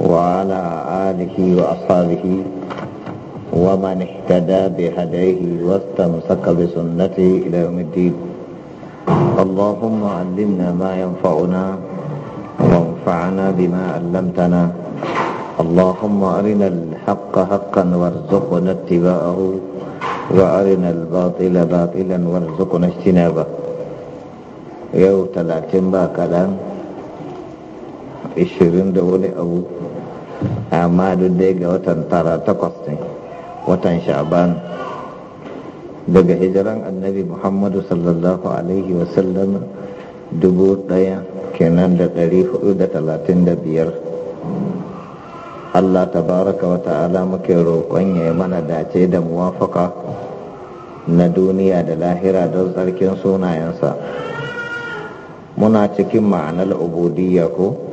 وعلى آله وأصحابه ومن اهتدى بهديه واستمسك بسنته إلى يوم الدين اللهم علمنا ما ينفعنا وانفعنا بما علمتنا اللهم أرنا الحق حقا وارزقنا اتباعه وأرنا الباطل باطلا وارزقنا اجتنابه يوم 30 باكلا 20 دولة أبو amma duk dai ga watan tara takwas ne watan sha'ban daga hijiran annabi muhammadu sallallahu alaihi wasallam dubu daya kenan da dari hudu da talatin da biyar allah ta baraka wa ta'ala muke roƙon ya yi mana dace da muwafaka na duniya da lahira don tsarkin sunayensa muna cikin ma'anar ubudiyya ko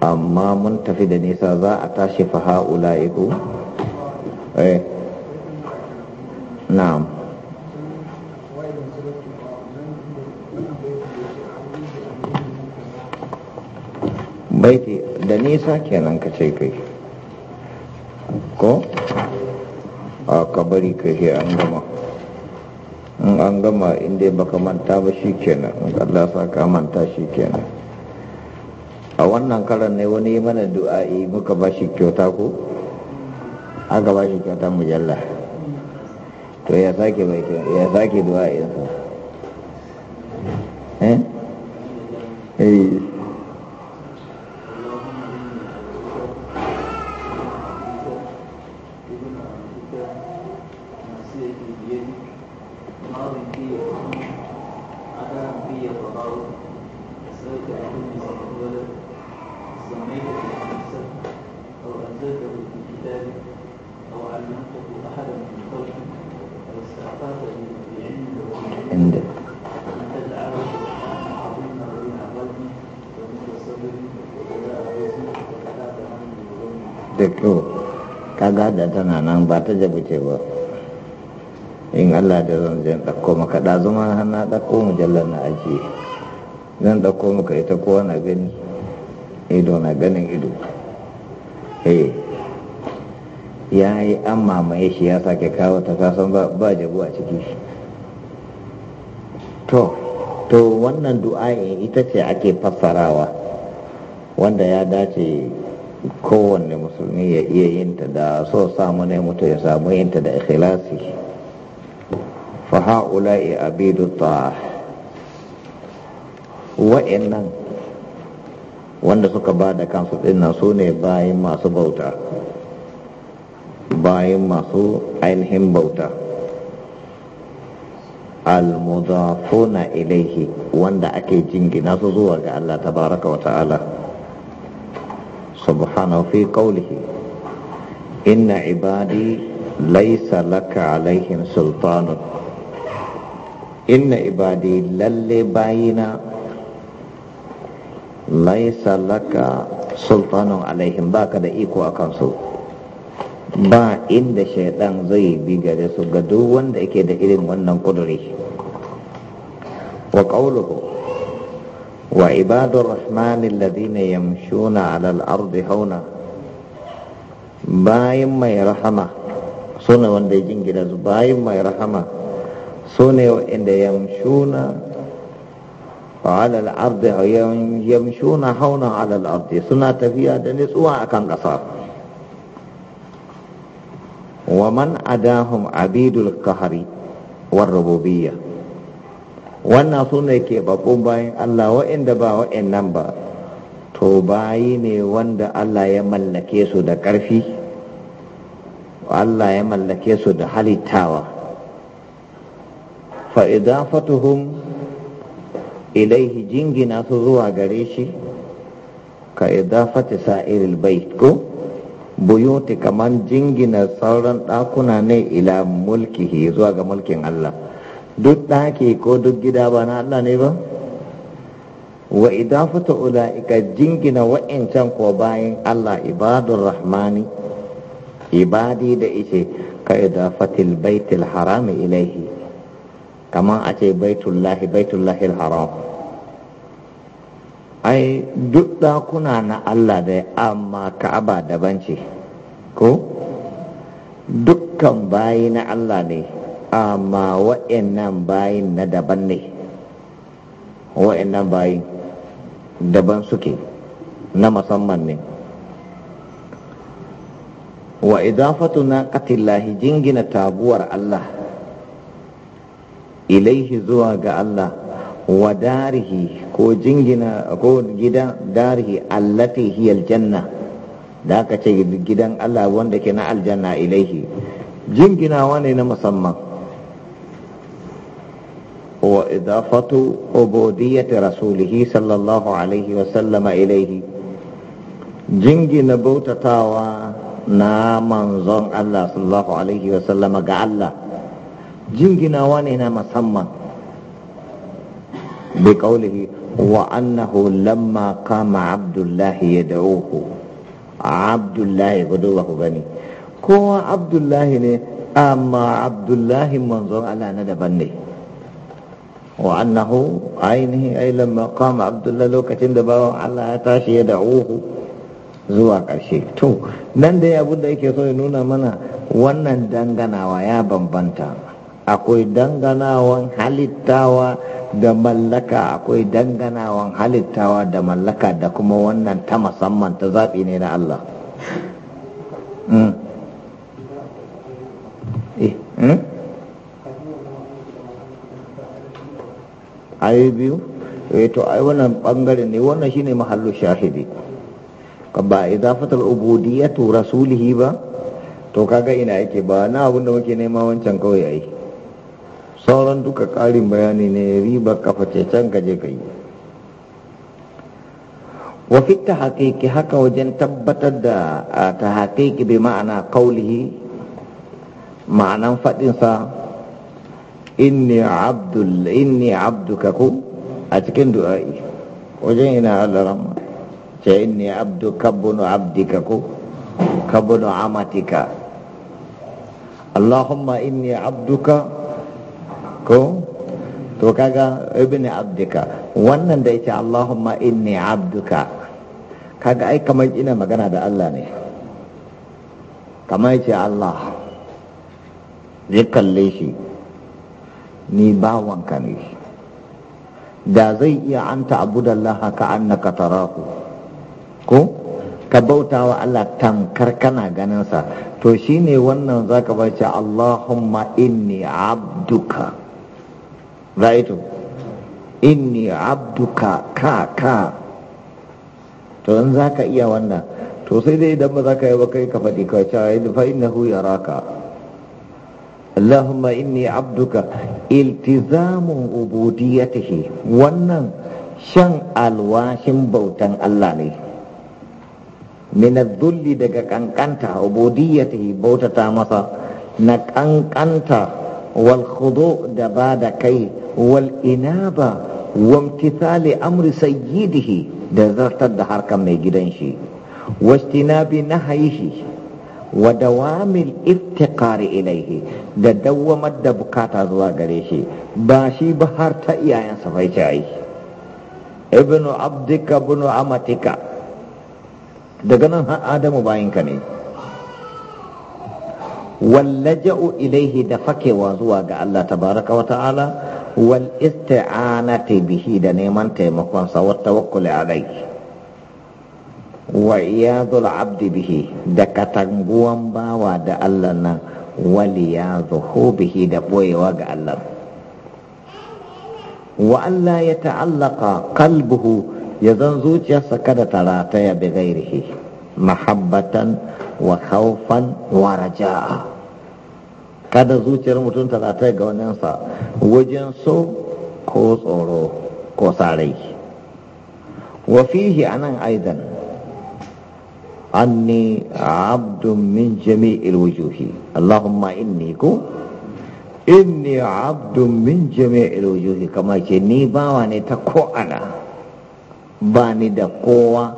amma mun tafi da nisa za a tashi fa iku eh na'am baiti da nisa kenan ka ce kai ko a kabari ka sai an gama in an gama inda baka manta ba shi kenan in allah sa ka manta shi kenan a wannan karan ne wani mana du'a'i muka ba shi kyauta ko aka ba shi kyauta mujalla to ya sake mai ya sake du'a'insa eh eh ba ta jabu ce ba in Allah da zan zan ɗauko maka da, har na ɗauko mujallar na ajiye zan ɗauko maka ita kowa na gani ido na ganin ido eh ya yi an mamaye shi ya sake kawo ta kasan ba jabu a ciki to to wannan du'a ita ce ake fassarawa wanda ya dace kowanne musulmi ya iya yinta da so samu ne mutu ya samu yinta da ikhlasi fa ha'ula'i abidu ta'ah wa'annan wanda suka ba da kansu dinnan su ne bayan masu bauta bayan masu ainihin bauta almudafuna ilaihi wanda ake jingina su zuwa ga Allah tabaraka wa ta'ala subhanahu fi qawlihi inna ibadi laysa bayina laysa laka sultanun baka da iko akan su ba inda shaidan zai bi gare su wanda yake da irin wannan kuduri wa وعباد الرحمن الذين يمشون على الأرض هونا bayan mai rahama su ne wanda ya jin gidansu bayan mai rahama su ne inda yamshuna a halal arzai hauna halal suna tafiya da nitsuwa akan kan ƙasa wa man adahum abidul kahari war wannan su ne ke babban bayan Allah wa'inda ba wa'innan ba to bayi ne wanda Allah ya mallake su da ƙarfi Allah ya mallake su da halittawa fa'idafatuhum ilaihi jingina su zuwa gare shi ka idafati sa'iril bait ko buyoti kaman jingina sauran ɗakuna ne ila mulkihi zuwa ga mulkin Allah duk ɗaki ko duk gida ba na Allah ne ba wa idafatu ula'ika jingina wa'incan ko bayan Allah ibadun rahmani ibadi da ice ka idafatil baitul harami ilaihi kama a ce baitullahi baitullahi haram ai duk ɗakuna na Allah da amma ka'aba daban ce ko dukkan bayi na Allah ne amma wa'annan bayin na daban ne wa'annan bayin daban suke na musamman ne wa idafatu na katillahi jingina taguwar Allah ilaihi zuwa ga Allah wa darihi ko jingina ko gidan darihi allati hiyar janna da aka ce gidan Allah wanda ke na aljanna ilaihi jingina ne na musamman وإضافة عبودية رسوله صلى الله عليه وسلم إليه جنج نبوت تاوى نام منظم الله صلى الله عليه وسلم قال جنجي نوانينا مسمى بقوله وأنه لما قام عبد الله يدعوه عبد الله قدوه بني كو عبد الله ne amma abdullahi manzon Allah na daban ne Wa annahu ainihi عينه lamma kama abdullah lokacin da bawan Allah ya tashi ya uhu zuwa ƙarshe to nan dai abin da yake so ya nuna mana wannan danganawa ya bambanta akwai danganawan halittawa da mallaka akwai danganawan halittawa da mallaka da kuma wannan ta musamman ta zaɓi ne na Allah ayoyi biyu eh to ai wannan bangare ne wannan shine mahallu shahidi ba idafatul ubudiyatu rasulihi ba to kaga ina yake ba na abin da muke nema wancan kawai ai sauran duka ƙarin bayani ne riba kafa ce can gaje kai wa fi tahqiqi haka wajen tabbatar da ta tahqiqi bi ma'ana qawlihi ma'anan fadin sa inni abdul inni abduka ku a cikin du'a'i wajen ina Allah rahma ce inni abdu kabbunu abdika ku kabbunu amatika Allahumma inni abduka ko to kaga ibn abdika wannan da yake Allahumma inni abduka kaga ai kamar ina magana da Allah ne kamar yace Allah zai kalle shi ni bawanka ne da zai iya an ta'budallaha ka annaka tarahu ko ka bauta wa Allah tamkar kana ganin sa to shine wannan zaka bace Allahumma inni abduka right inni abduka ka ka to in zaka iya wannan to sai dai idan ba zaka yi ba kai ka faɗi ka cewa fa innahu yaraka Allahumma inni abduka iltizamun ubudiyatihi wannan shan alwashin bautan Allah ne min daga kankanta ubudiyatihi bautata masa na kankanta wal khudu da ba da kai wal inaba wamtithali amri sayyidihi da zartar da harkar mai gidan shi wastinabi nahayihi wa dawamil iftiqari ilaihi da dawwamar da bukata zuwa gare shi ba shi ba har ta iyayensa fai ai ibnu abdika ibnu amatika daga nan har adamu bayanka ne wallaja'u ilaihi da fakewa zuwa ga Allah tabaraka wa ta'ala wal isti'anati bihi da neman taimakon sa wa tawakkuli alaihi wa iyadul abdi bihi da katanguwan bawa da Allah na wali ya zuhu bihi da boyewa ga Allah wa Allah ya ta'allaka kalbuhu ya zan zuciyarsa kada ta rataya bi gairihi mahabbatan wa khawfan wa raja'a kada zuciyar mutum ta rataya ga waninsa wajen so ko tsoro ko sarai wa fihi anan aidan anni abdun min jami'il wujuhi Allahumma inni ku inni abdun min jami'il wujuhi kama ce ni bawa ne ta ko ana ba ni da kowa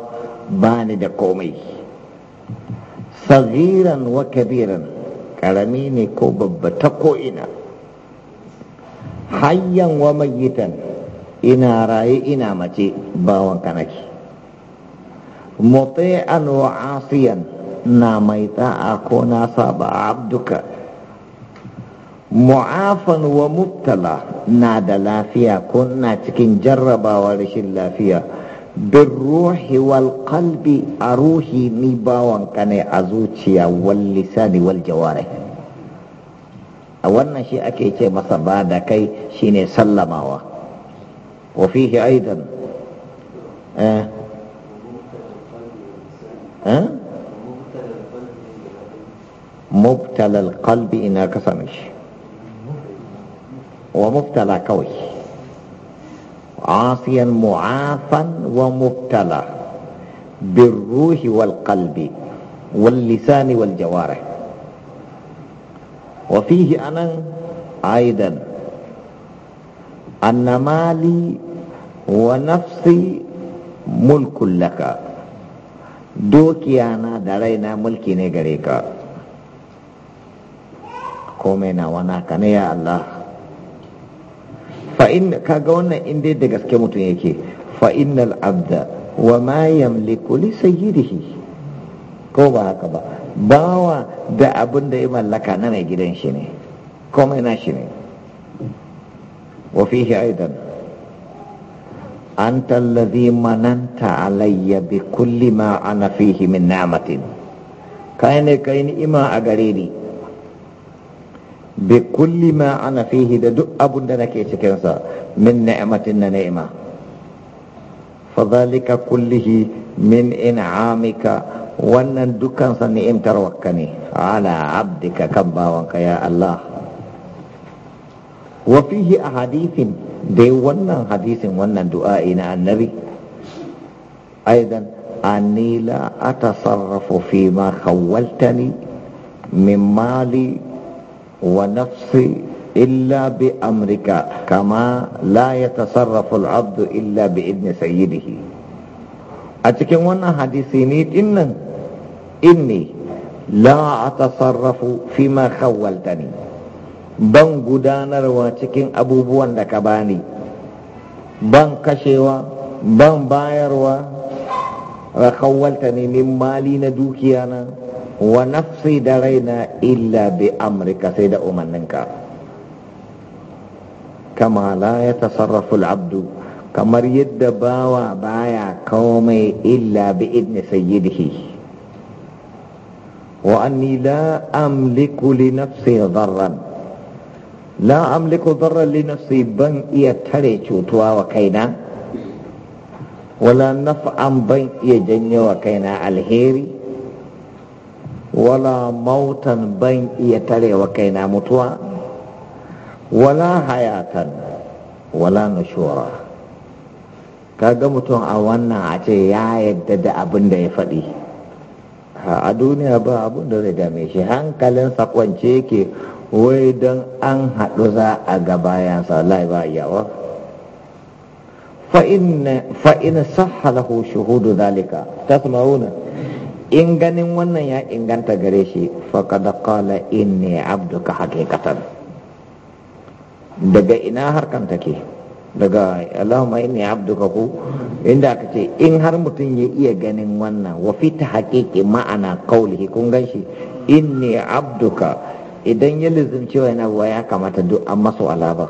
ba ni da komai sagiran wa kabiran karami ne ko babba ta ko ina hayyan wa mayyitan ina raye ina mace bawan kanaki muti'an wa afiyan na mai ta'a ko na saba abduka mu'afan wa mubtala na da lafiya ko na cikin jarrabawa rashin lafiya bin ruhi wal kalbi a ruhi ni bawon ka ne a zuciya wal lisani wal jawarai a wannan shi ake ce masa ba da kai shine sallamawa wa fihi aidan eh? ها مبتلى القلب إنا كسمش ومبتلى كوي عاصيا معافا ومبتلى بالروح والقلب واللسان والجوارح وفيه أنا أيضا أن مالي ونفسي ملك لك dokiya na da raina mulki ne gare ka komai na wana ka ne ya Allah fa'in ga wannan inda da gaske mutum yake fa'innal abda wa ma yamliku sayyidihi ko ba haka ba bawa da abin da ya mallaka na mai gidan shi ne komai na shi ne wa fihi aidan أنت الذي مننت علي بكل ما أنا فيه من نعمة كاين كاين إما أغريني بكل ما أنا فيه دو أبن دنكي شكرا من نعمة نعمة فذلك كله من إنعامك wannan dukansa ni'imtarwarka ne ala abdika kan bawanka ya Allah wa fihi ahadithin dai wannan hadisin wannan du'a'i na annabi aidan anni la atasarrafu fi ma khawwaltani min mali wa nafsi illa bi amrika kama la yatasarrafu al-abdu illa bi idni sayyidihi a cikin wannan hadisi ne dinnan inni la atasarrafu fi ma khawwaltani ban gudanarwa cikin abubuwan da ka bani ban kashewa ban bayarwa rakawalta ne min mali na dukiya na wa nafsi da raina illa bi amurka sai da umarninka kama la ya tasarrafu al'abdu kamar yadda bawa baya komai illa bi idni sayyidihi وأني لا أملك لنفسي ضرا Na amliku darran li ban iya tare cutuwa wa kaina wala naf'an ban iya janyo wa kaina alheri wala mautan ban iya tare wa kaina mutuwa wala hayatan wala nashura kaga mutum a wannan a ce ya yadda da abin da ya faɗi a duniya ba abin da zai dame shi hankalinsa kwance yake wai don an haɗu za a ga bayansa lai ba yawa fa'in sahalahu shuhudu zalika ta in ganin wannan ya inganta gare shi faƙada ƙala inni abduka hakikatan daga ina harkan take daga allahumma abdu abduka ku inda aka ce in har mutum ya iya ganin wannan wa fita haƙiƙi ma'ana kaulihi kun gan shi In inni abduka idan ya cewa yana abu ya kamata duk an masu alaba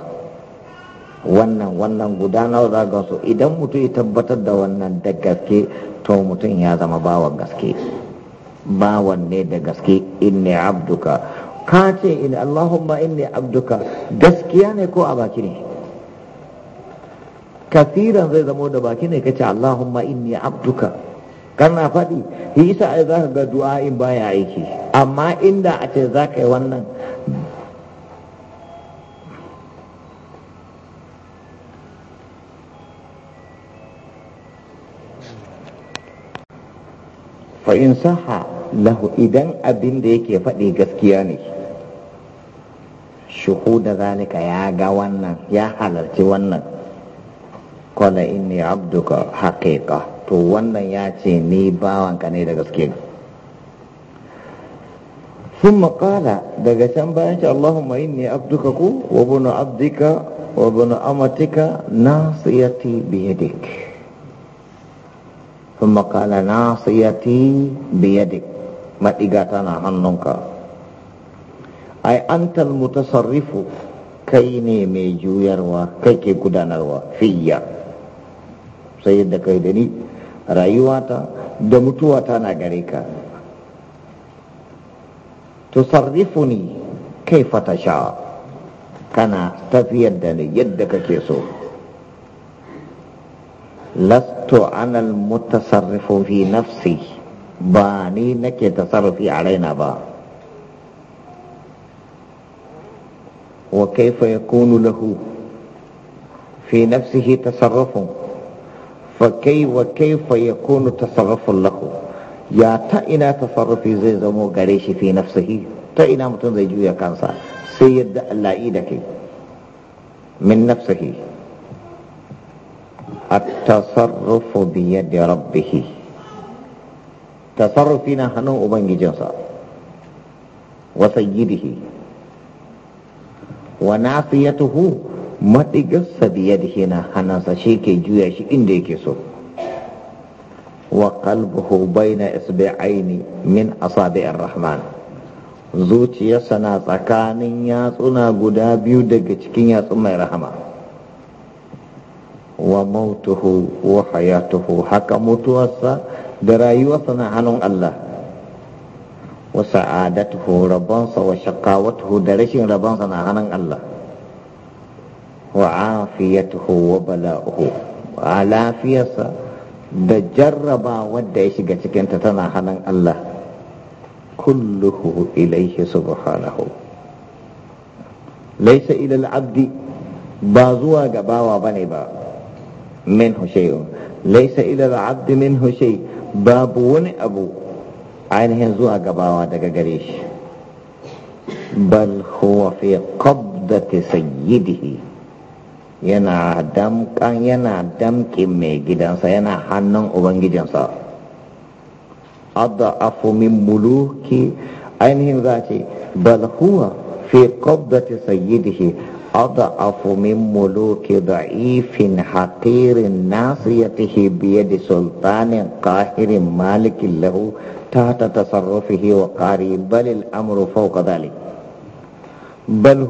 wannan wannan gudanar za ga su idan mutum ya tabbatar da wannan da gaske to mutum ya zama bawan gaske bawan ne da gaske inni abduka ka ce in allahumma inni abduka gaskiya ne ko a baki ne kafiran zai zamo da baki ne ka kace allahumma inni abduka kana faɗi isa ai za ka ga du'a'in baya aiki amma inda a ce za yi wannan in saha lahu idan abin da yake faɗi gaskiya ne shuhu da zalika ya ga wannan ya halarci wannan kola inni abduka haƙiƙa to wannan ya ce ni bawanka ne da gaske sun maƙala daga can bayan ce Allahumma ne abduka ku wa bunu abdika wa bunu amatika siyati biyadik sun maƙala siyati biyadik maɗiga na hannunka ai antal sarrifu kai ne mai juyarwa kai ke gudanarwa fiya sai yadda kai da ni rayuwata da mutuwata na gare ka tusarrifuni kaifa tasha kana tafiyar da ni yadda kake so lastu anal mutasarrifu fi nafsi ba ni nake tasarrufi a raina ba wa kaifa yakunu lahu fi nafsihi tasarrufun fakai wa kaifa yakunu tasarrufun lahu ya ta ina tasarrufi zai zamo gare shi fi nafsihi ta ina mutum zai juya kansa sai yadda Allah yi da kai min nafsihi at-tasarrufu bi yadi rabbih tasarrufi na hannun ubangijinsa wa sayyidihi wa nasiyatuhu Maɗigarsa biyadihi na hannansa shi ke juya shi inda yake so wa qalbuhu baina isbi'aini min asabi'ir rahman zuciyarsa na tsakanin yatsuna guda biyu daga cikin yatsun mai rahama wa mautuhu wa hayatuhu haka mutuwarsa da rayuwarsa na hannun Allah wa sa'adatuhu rabonsa wa shaqawatuhu da rashin rabonsa na hannun Allah وعافيته وبلاؤه على lafiyarsa da jarrabawa da ya shiga cikinta tana hannun Allah kulluhu ilaihi subhanahu laisa ilal abdi ba zuwa gabawa bane ba min hushayun laisa ilal abdi min hushay babu wani abu ainihin zuwa gabawa daga gare shi bal huwa fi qabdati sayyidihi yana damkan yana damkin mai gidansa yana hannun ubangijinsa adda afu min muluki ainihin za ce bal huwa fi qabdati sayyidihi adda afu min muluki da'ifin haqirin nasiyatihi biyadi sultanin qahirin malikin lahu تحت تصرفه وقاري بل الأمر فوق ذلك bal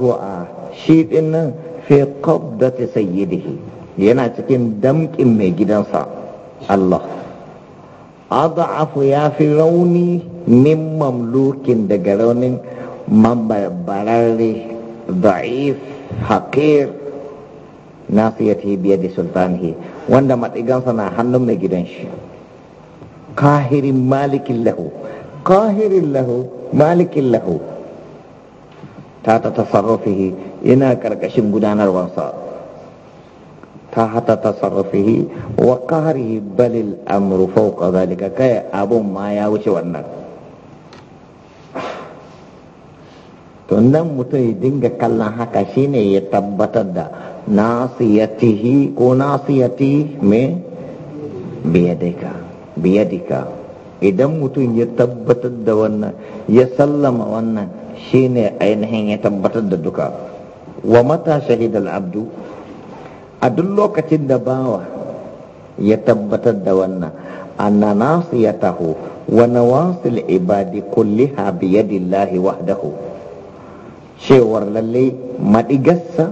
shi shi dinnan fi qabdati sayyidihi yana cikin damkin mai gidansa Allah adafu ya fi rauni min mamlukin daga raunin mabararre da'if haƙir nasiyati biyar da sultanihi wanda matsigansa na hannun mai gidan shi kahirin malikin lahu kahirin lahu malikin lahu ta ta tasarrufihi yana karkashin gudanarwansa ta hata tasarrufihi wa qahrihi balil amru fawqa zalika kai abun ma ya wuce wannan to nan mutum ya dinga kallon haka shine ya tabbatar da nasiyatihi ko nasiyati me biyadika biyadika idan mutum ya tabbatar da wannan ya sallama wannan Shi ne ainihin ya tabbatar da duka wa mata shahid abdu a duk lokacin da bawa ya tabbatar da wannan ya taho wa nawasil ibadi kulliha bi yadillahi wahdahu cewar lalle madigarsa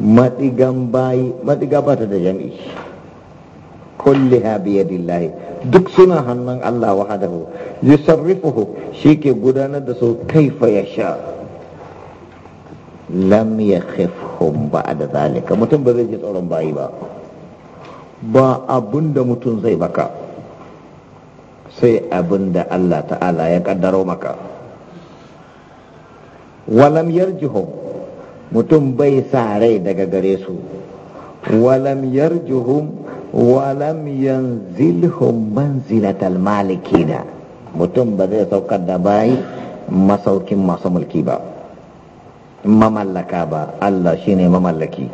madigan bayi madiga bata da jami'i kullaha bi yadillahi duk suna hannun Allah wahadahu yusarrifuhu ke gudanar da su kaifa sha lam yakhifhum ba'da zalika mutum ba zai ji tsoron bai ba ba abun mutum zai baka sai abin Allah ta'ala ya kaddaro maka walam yarjuhum mutum bai sa rai daga gare su walam yarjuhum walam yanzilhum manzilatal na. mutum ba zai saukar da bayi masaukin masu mulki ba mamallaka ba Allah shine mamallaki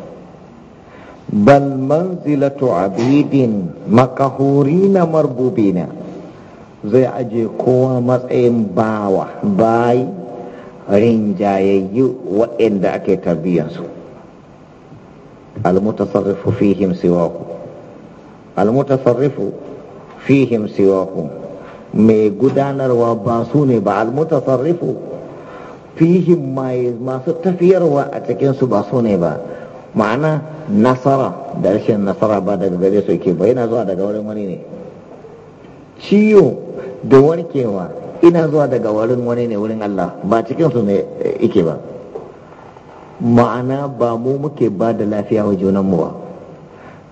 bal manzilatu abidin makahurina marbubina zai aje kowa matsayin bawa bayi rinjayayyu waɗanda ake tarbiyyarsu al-mutasarrifu fihim siwaku المتصرف فيهم سواهم mai gudanarwa ba su ne ba almutasarrifu fihim mai masu tafiyarwa a cikinsu ba su ne ba ma'ana nasara da rashin nasara ba daga gare su ke ba yana zuwa daga wurin wani ne Ciyo da warkewa ina zuwa daga wurin wani ne wurin Allah ba cikinsu ne ike ba ma'ana ba mu muke ba da lafiya wa junanmu ba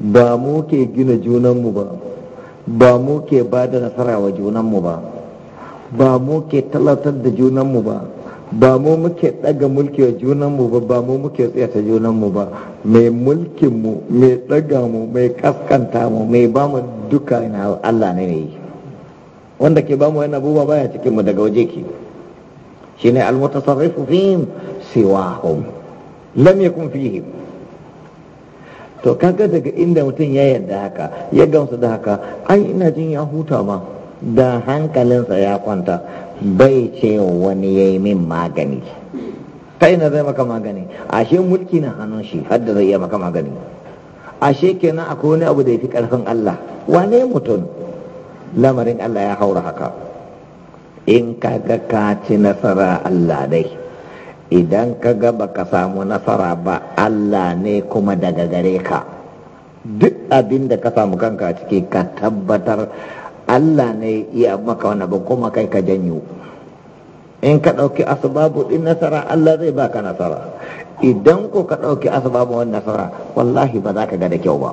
ba mu ke gina junanmu ba ba mu ke ba da nasara wa junanmu ba ba mu ke talatar da junanmu ba ba mu muke daga mulki wa junanmu ba ba mu muke tsayata junanmu ba mai mulkinmu mai daga mu mai kaskanta mu mai ba mu duka ina Allah ne yi wanda ke ba mu yana buba baya cikin mu daga waje ki shine al-mutasarrifu fihim siwahum lam yakun fihim to kaga daga inda mutum ya yarda haka ya gamsu da haka ai ina jin ya huta ma da hankalinsa ya kwanta bai ce wani ya yi min magani ta ina zai maka magani ashe mulki na hannun shi har zai iya maka magani ashe kenan akwai wani abu da ya fi karfin Allah wane mutum lamarin Allah ya haura haka in kaga ka ci nasara Allah dai idan ka ga ka samu nasara ba Allah ne kuma daga gare ka duk abin da ka samu kanka a ciki ka tabbatar Allah ne iya maka wani ba kuma kai ka janyo in ka ɗauki asbabu ɗin nasara Allah zai baka nasara idan ko ka ɗauki asbabu wani nasara wallahi ba za ka ga da kyau ba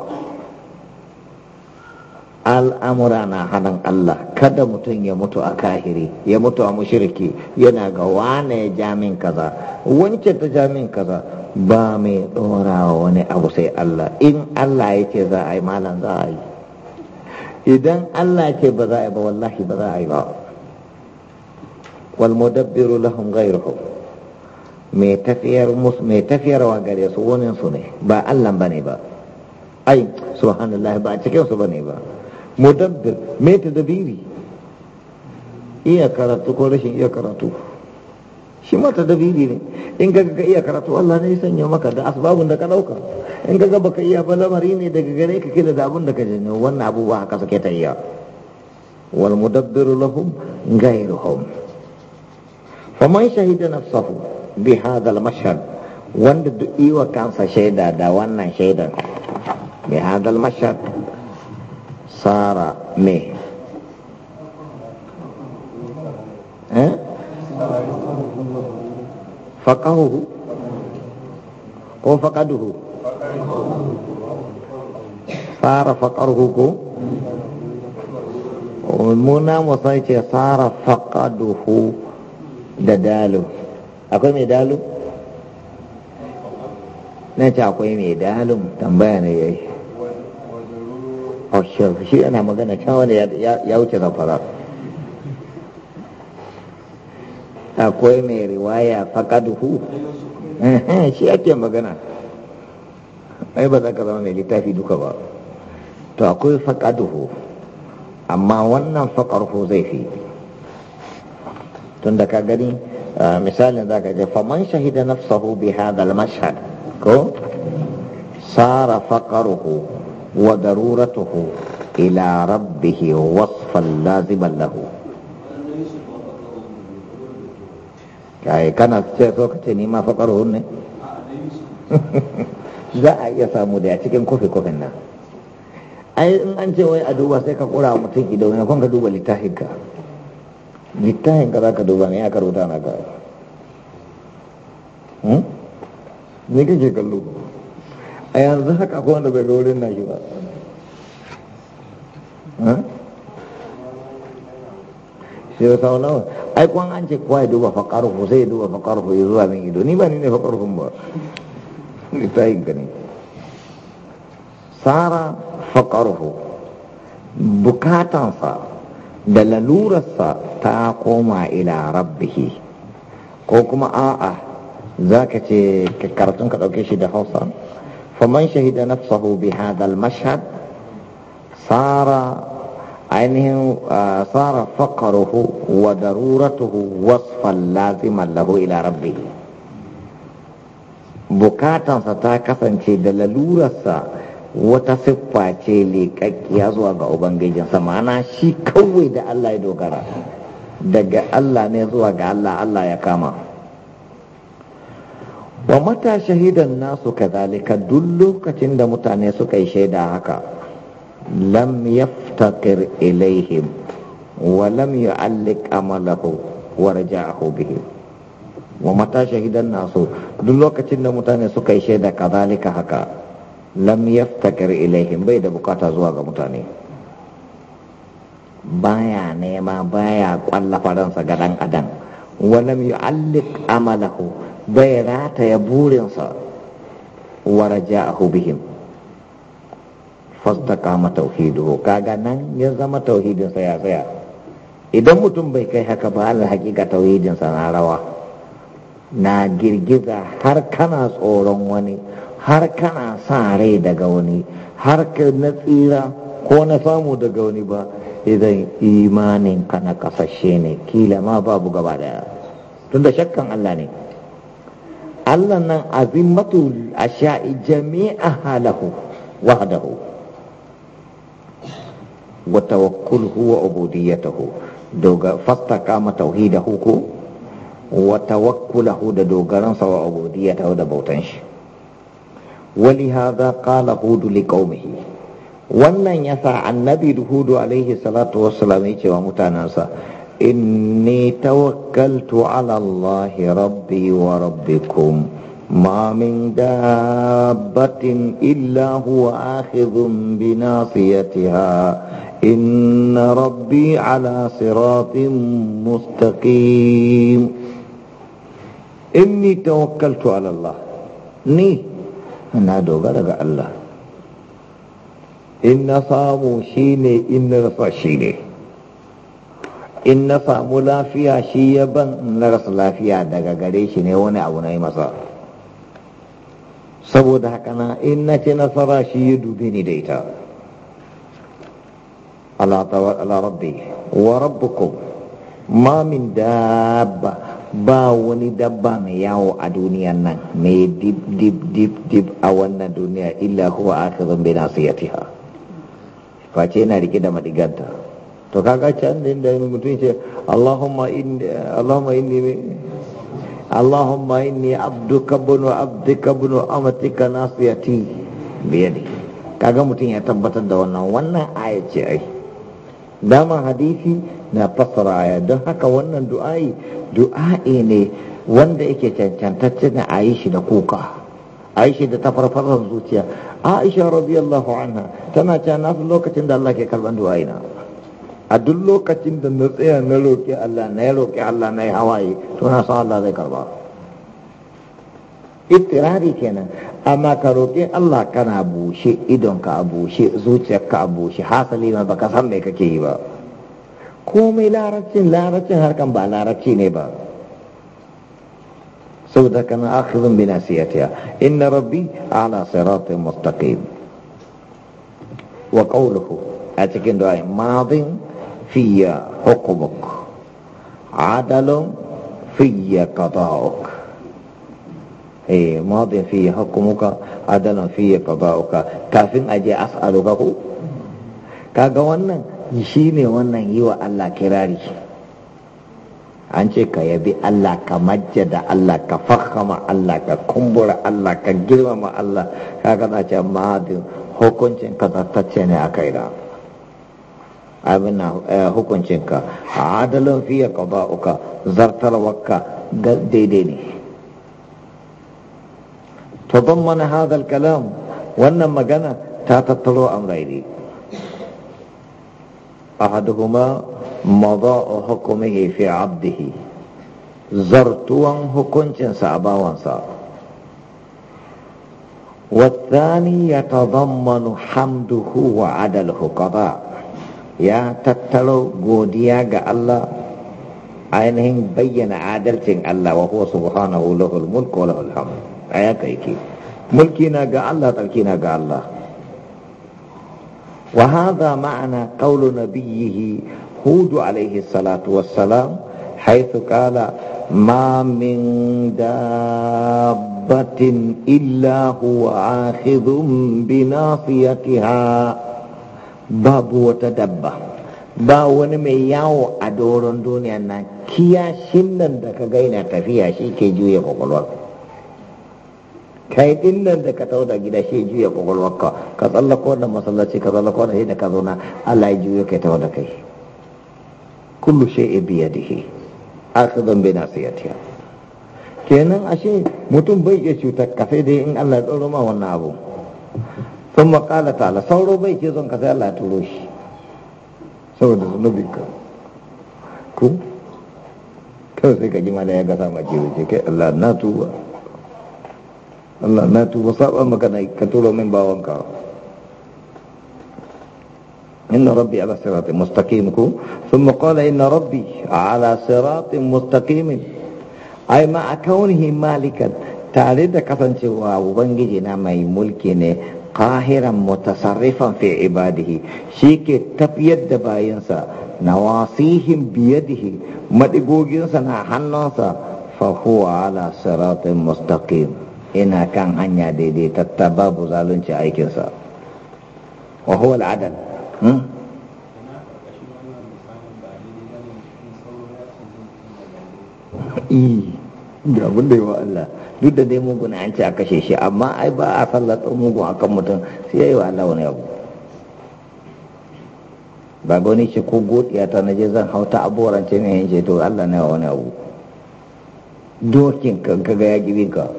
al'amura na hannun Allah kada mutum ya mutu a kahiri ya mutu a mushirki yana ga wane jamin kaza wance ta jamin kaza ba mai ɗorawa wani abu sai Allah in Allah ya ce za a yi malam za a yi idan Allah ce ba za a yi ba wallahi ba za a yi ba wal mudabbiru lahum ghayruhu mai tafiyar mus mai gare su wani su ne ba Allah bane ba ai subhanallahi ba cikin su bane ba mudabbir mai dabiri iya karatu ko rashin iya karatu shi ma dabiri ne in ga ga iya karatu Allah ne sanya maka da asbabun da ka dauka in ga ga baka iya ba lamari ne daga gare ka kila da abun da ka janyo wannan abubuwa haka suke ta iya wal mudabbiru lahum ghayruhum faman shahida nafsahu bi hadha al mashhad wanda duk iwa kansa shaida da wannan shaidan bi hadal mashar. sara me eh? faƙahuhu ko oh, fakaduhu. sara fakaruhu ko oh, muna musai ce sara fakaduhu da dalu akwai mai dalu na ce akwai mai dalu tambaya ne yayi. haushiyar shi yana magana can wani ya wuce zafara akwai mai riwaya faƙaduhu shi ake magana ai ba za ka zama mai littafi duka ba to akwai faƙaduhu amma wannan faƙarhu zai fi tun da ka gani misalin za ka je faman shahida nafsahu bi hadal mashhad ko sara faƙaruhu وضرورته إلى ربه وصفا لازما له kai kana ce so ka ce ni ma faƙar hunne za a iya samu da ya cikin kofi kofin na? ai in an ce wai a duba sai ka kura mutum ido ne kun ka duba littafin ka littafin ka ka duba ne ya karuta na ka ne kake kallo a yanzu haka ko wanda bai ga wurin na ba sai ta wani ai kwan an ce kowa ya duba faƙarfu sai ya duba faƙarfu ya zuwa min ido ni ba ni ne faƙarfun ba ni ta yin gani tsara faƙarfu bukatansa da lalurarsa ta koma ila rabbihi ko kuma a'a za ka ce karatun ka ɗauke shi da hausa faman shahida nafsahu bi hadal mashhad sara ainihin sara wa daruratuhu wasfan laziman lahu ila rabbihi bukatansa ta kasance da lalurarsa wata sifface ce leƙaƙƙiya zuwa ga ubangijinsa ma'ana shi kawai da Allah ya dogara daga Allah ne zuwa ga Allah Allah ya kama wa mata shahidan nasu kadhalika duk lokacin da mutane suka yi shaida haka lam yaftakir ilaihim wa lam yu'alliq amalahu wa raja'ahu bihi wa mata shahidan nasu duk lokacin da mutane suka yi shaida kadhalika haka lam yaftakir ilaihim bai da bukata zuwa ga mutane baya nema baya kwallafa ransa ga dan adam wa lam yu'alliq amalahu bai rataya burinsa wa raja'ahu bihim fasdaqama tauhiduhu kaga nan ya zama tauhidinsa ya tsaya idan mutum bai kai haka ba Allah hakika tauhidinsa na rawa na girgiza har kana tsoron wani har kana sa rai daga wani har ka na tsira ko na samu daga wani ba idan imanin ka na kasashe ne kila ma babu gaba daya tunda shakkan Allah ne Allah nan azimmatul asha'i jami'a halahu wahdahu wa tawakkuluhu wa ubudiyyatahu doga fattaka ma tauhidahu ko wa tawakkulahu da dogaran sa wa ubudiyyatahu da bautan shi ولهذا قال هود لقومه wannan ya yasa annabi hudu alaihi salatu wassalam ya ce wa mutanansa إني توكلت على الله ربي وربكم ما من دابة إلا هو آخذ بناصيتها إن ربي على صراط مستقيم إني توكلت على الله ني أنا دوغرق الله إن صاموا شيني إن رفع شيني in na samu lafiya shi ya ban in na rasa lafiya daga gare shi ne wani abu na yi masa saboda haka na in na ce nasara shi ya dube ni da ita ala wa rabbukum ma min dabba ba wani dabba mai yawo a duniyan nan mai dip dip dip dip a wannan duniya illa aka akhirun na nasiyatiha face yana rike da madiganta to kaga can din da mutum ce Allahumma inni Allahumma inni Allahumma inni abduka bunu abdika bunu amatika nasiyati biyadi kaga mutum ya tabbatar da wannan wannan aya ce ai dama hadisi na fassara aya don haka wannan du'ai du'a'i ne wanda yake cancantacce na Aisha shi da kuka aisha da ta farfarar zuciya aisha radiyallahu anha tana cewa na lokacin da Allah ke karban ina. a duk lokacin da na tsaya na roƙi Allah na ya roƙi Allah na ya hawaye to na san Allah zai karba ittirari kenan amma ka roƙi Allah kana bushe idonka a bushe zuciyarka a bushe hasali ma baka san me kake yi ba komai larabcin larabcin harkan ba larabci ne ba saboda kana akhirin bi nasiyatiya inna rabbi ala siratin mustaqim wa qawluhu a cikin du'a madin في حكمك عدل في قضاءك ايه ماض في حكمك عدل في Kafin aje اجي اسالك هو kaga wannan shi ne wannan yi wa Allah kirari an ce ka yabi Allah ka majjada Allah ka fahama Allah ka kumbura Allah ka girmama Allah kaga na ce mahadin hukuncin ka ne a kai da abin eh, hukuncinka adalin fiye ka ba uka zartarwarka daidai ne to don mana hadal kalam wannan magana ta tattaro an rairi a haduhuma maza a hukumin haifi abdihi zartuwan hukuncinsa a bawansa wa tsani ya ta zama hamduhu wa adal hukaba ya tattaro godiya ga Allah ainihin bayyana adalcin Allah wa huwa subhanahu lahul mulku wa lahul hamd kai ke mulki na ga Allah tsarki na ga Allah wa hadha ma'ana qawlu nabiyhi hud alayhi salatu wassalam haythu qala ma min dabbatin illa huwa akhidhun bi nasiyatiha babu wata dabba ba wani mai yawo a doron duniya na kiyashin nan da ka gaina tafiya shi ke juya kwakwalwar kai din nan da ka tau da gida shi juya kwakwalwar ka ka tsallako da masallaci ka tsallako da shi da ka zauna Allah ya juya kai tau da kai kullu shay'in bi yadihi akhadan bi nasiyatiha kenan ashe mutum bai iya cutar ka sai dai in Allah ya tsoro ma wannan abu sun makala ta'ala sauro bai ke zon ka sai Allah ya turo shi saboda zunubin ka ku? kawai sai ka ji mala ya gasa ma ke wuce kai Allah na tuba Allah na tuba saba maka na ka turo min bawon ka inna rabbi ala siratin mustaqim ku? sun makala inna rabbi ala siratin mustaqim ai ma akawnihi malikan tare da kasancewa ubangiji na mai mulki ne qahiran mutasarrifan fi ibadihi shike tafiyar da bayansa nawasihim biyadihi madigoginsa na hannunsa fa huwa ala siratin mustaqim ina kan hanya daidai tattaba bu zalunci aikinsa wa huwa al'adal da hmm? abin da yi wa Allah duk da dai mugun an ce a kashe shi amma ai ba a sallata mugun akan mutum sai yayi wa Allah wani abu ba ga wani ce ko godiya ta naje zan hauta aborance ne yace to Allah ne wani abu dokin kan ga ya gibi ka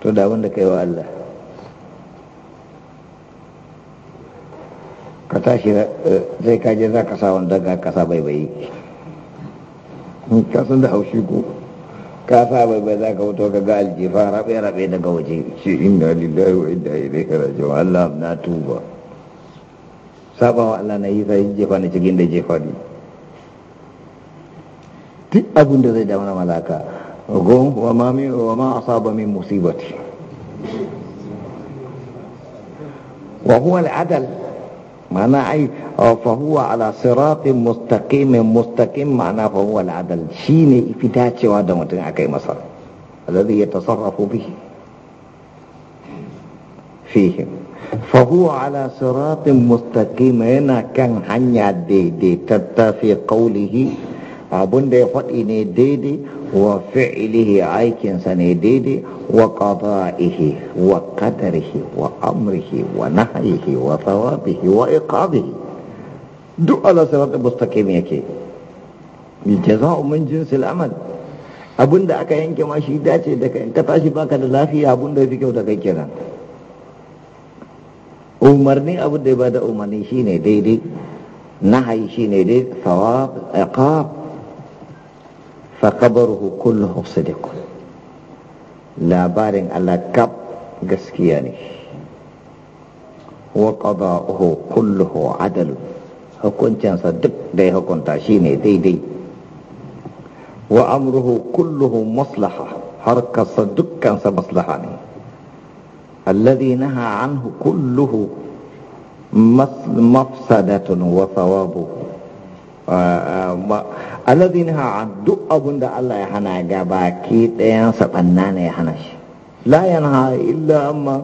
to da wanda kai wa Allah ka tashi zai eh, kaje za ka sa wanda ga kasa bai bai kasan da haushi ko ka saba bai za ka fito ka ga aljifa rabe-rabe daga waje shi inda lillahi wa inda ilaihi raji'un Allah na tuba saba wa Allah na yi sai jefa ni cikin da jefa ni duk abin da zai damu malaka gon wa ma mi wa ma asaba min musibati wa huwa al-adal معناه أي فهو على صراط مستقيم مستقيم معناه فهو العدل شيني في وهذا متن أكي مصر الذي يتصرف به فيهم فهو على صراط مستقيم هنا كان حنيا دي دي تتا في قوله Abin da ya faɗi ne daidai wa fi'ilihi aikinsa ne daidai wa qada'ihi wa qadarihi wa amrihi wa nahyihi wa thawabihi wa iqabihi duk ala sirat mustaqim yake jaza'u min jinsil amal Abin da aka yanke ma shi dace da kai ka tashi baka da lafiya abin da yafi kyau da kai kenan umarni abin da ya bada umarni shine daidai nahayi shine daidai thawab iqab فقبره كله صدق labarin alakab gaskiya ne wa qada'uhu kulluhu adal hukuncinsa duk da ya hukunta shine daidai wa amruhu kulluhu maslaha harkarsa dukkansa maslaha ne alladhi naha anhu kulluhu mafsadatun wa thawabuhu alladhi duk abun da Allah ya hana ga baki ɗayan saɓanna ne ya hana shi la yanha illa amma